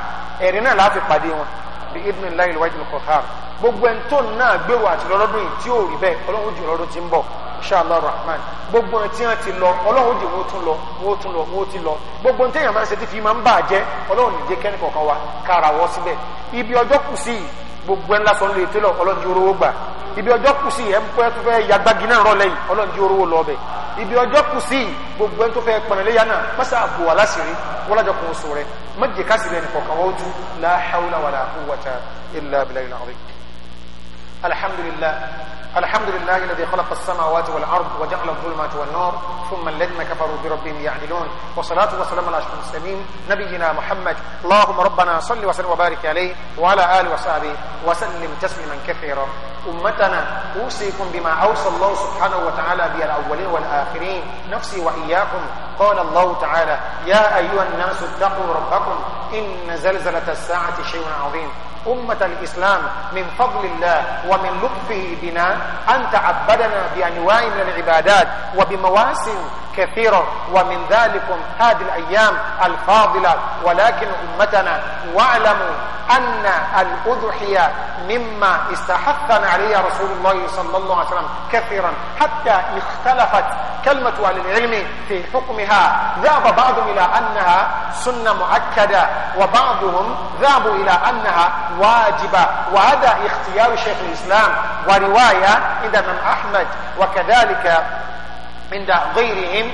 [SPEAKER 1] ẹ̀rìn náà láàfin pàdé wọn bí ibn láìlè wáyé bí kọ́hár gbogbo ẹ̀ tó náà gbèrò àtìlọ́lọ́dún yìí tí ò rí bẹ́ẹ̀ ọlọ́run jù lọ́dún ti ń bọ̀ inshallah rahman gbogbo ẹ tí wọn ti lọ ọlọ́run jẹ wọn tún lọ wọn tún lọ wọn ti lọ gbogbo ní téèyàn máa ń ṣe tí fi máa ń bà jẹ ọlọ́run nìjẹ kẹ́ni kọ̀ọ̀kan wa kára wọ síbẹ̀ ibi ọjọ́ kù sí yìí gbogbo ẹ̀ ńlá sọ lè tẹ́lọ̀ ọlọ́run jẹ orówó gbà ibi ọjọ́ kù sí yìí ẹ̀ ń pẹ́ tó fẹ́ yagbági náà rọ lẹ́yìn ọlọ́run jẹ orówó lọ bẹ̀ ibi ọjọ́ kù sí yìí gbogbo ẹ̀ tó fẹ́ pẹ̀lẹ́lẹ́yà náà mọ́sá الحمد لله الذي خلق السماوات والأرض وجعل الظلمات والنور ثم الذين كفروا بربهم يعدلون وصلاة وسلام على أشرف المرسلين نبينا محمد اللهم ربنا صل وسلم وبارك عليه وعلى آله وصحبه وسلم تسليما كثيرا أمتنا أوصيكم بما أوصى الله سبحانه وتعالى به الأولين والآخرين نفسي وإياكم قال الله تعالى يا أيها الناس اتقوا ربكم إن زلزلة الساعة شيء عظيم أمة الإسلام من فضل الله ومن لطفه بنا أن تعبدنا بأنواع من العبادات وبمواسم كثيرة ومن ذلك هذه الأيام الفاضلة ولكن أمتنا واعلموا أن الأضحية مما استحقنا عليه رسول الله صلى الله عليه وسلم كثيرا حتى اختلفت كلمة أهل العلم في حكمها ذهب بعضهم إلى أنها سنة مؤكدة وبعضهم ذهبوا إلى أنها واجبة وهذا اختيار شيخ الإسلام ورواية عند من أحمد وكذلك عند غيرهم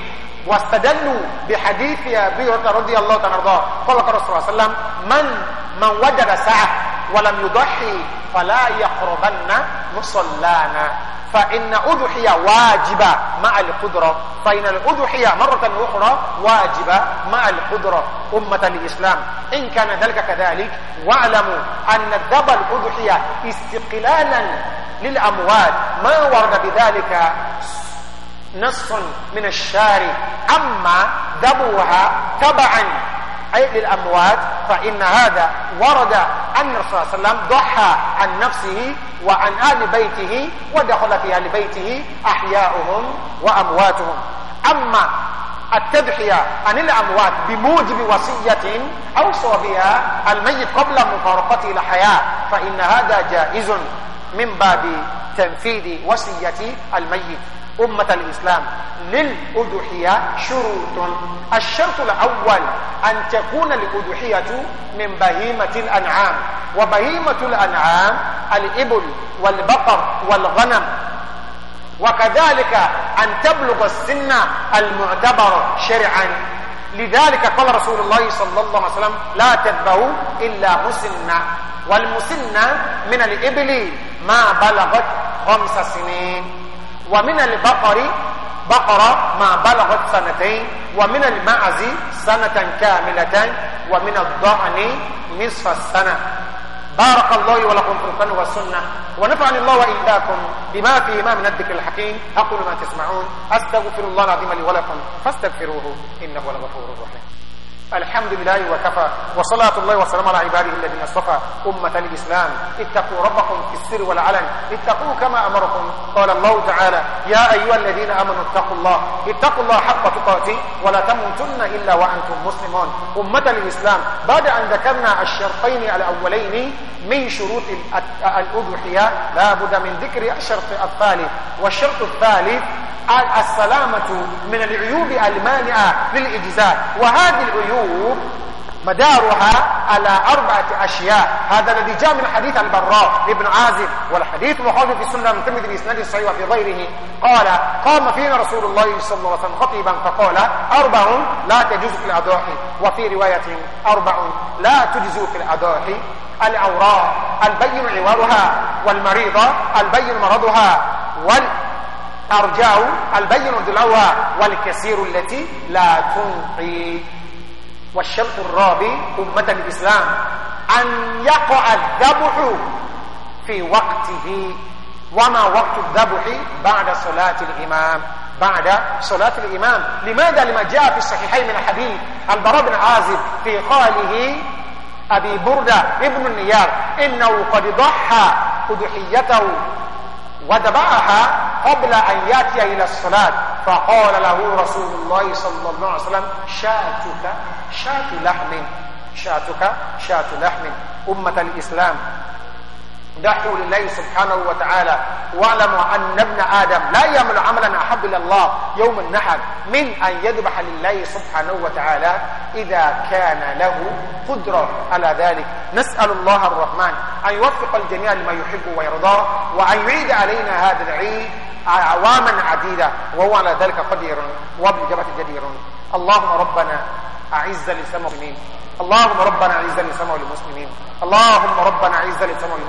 [SPEAKER 1] واستدلوا بحديث أبي هريرة رضي الله تعالى عنه قال قال رسول الله صلى الله عليه وسلم من من وجد سعة ولم يضحي فلا يقربن مصلانا فإن أضحية واجبة مع القدرة فإن الأضحية مرة أخرى واجبة مع القدرة أمة الإسلام إن كان ذلك كذلك واعلموا أن الدب الأضحية استقلالا للأموال ما ورد بذلك نص من الشارع أما ذبوها تبعا أي للأموات فإن هذا ورد أن الرسول صلى الله عليه وسلم ضحى عن نفسه وعن آل بيته ودخل في آل بيته أحياؤهم وأمواتهم أما التضحية عن الأموات بموجب وصية أوصى بها الميت قبل مفارقته الحياة فإن هذا جائز من باب تنفيذ وصية الميت أمة الإسلام للأضحية شروط الشرط الأول أن تكون الأضحية من بهيمة الأنعام وبهيمة الأنعام الإبل والبقر والغنم وكذلك أن تبلغ السن المعتبر شرعا لذلك قال رسول الله صلى الله عليه وسلم لا تذبه إلا مسنة والمسنة من الإبل ما بلغت خمس سنين ومن البقر بقرة ما بلغت سنتين ومن المعز سنة كاملة ومن الضعن نصف السنة بارك الله ولكم في القرآن والسنة ونفعني الله وإياكم بما فيهما من الذكر الحكيم أقول ما تسمعون أستغفر الله العظيم لي ولكم فاستغفروه إنه الغفور الرحيم الحمد لله وكفى وصلاة الله وسلام على عباده الذين اصطفى أمة الإسلام اتقوا ربكم في السر والعلن اتقوا كما أمركم قال الله تعالى يا أيها الذين آمنوا اتقوا الله اتقوا الله حق تقاته ولا تموتن إلا وأنتم مسلمون أمة الإسلام بعد أن ذكرنا الشرطين الأولين من شروط الأضحية لابد من ذكر الشرط الثالث والشرط الثالث السلامة من العيوب المانعة للإجزاء وهذه العيوب مدارها على أربعة أشياء هذا الذي جاء من حديث البراء ابن عازم والحديث مخرج في السنة من تمد الإسناد صحيح وفي غيره قال قام فينا رسول الله صلى الله عليه وسلم خطيبا فقال أربع لا تجوز في الأضاحي وفي رواية أربع لا تجوز في الأضاحي الأوراق البين عوارها والمريضة البين مرضها وال أرجعوا البين الدلوى والكثير التي لا تنقي والشرط الرابع أمة الإسلام أن يقع الذبح في وقته وما وقت الذبح بعد صلاة الإمام بعد صلاة الإمام لماذا لما جاء في الصحيحين من الحديث البراء بن عازب في قاله أبي بردة ابن النيار إنه قد ضحى أضحيته وذبحها قبل أن يأتي إلى الصلاة فقال له رسول الله صلى الله عليه وسلم شاتك شات لحم شاتك شات لحم أمة الإسلام دعوا لله سبحانه وتعالى واعلموا أن ابن آدم لا يعمل عملا أحب إلى الله يوم النحر من أن يذبح لله سبحانه وتعالى إذا كان له قدرة على ذلك نسأل الله الرحمن أن يوفق الجميع لما يحب ويرضاه وأن يعيد علينا هذا العيد أعواما عديدة وهو على ذلك قدير وبالجبة جدير اللهم ربنا أعز لسمع المسلمين اللهم ربنا أعز لسمع المسلمين اللهم ربنا أعز لسمع المسلمين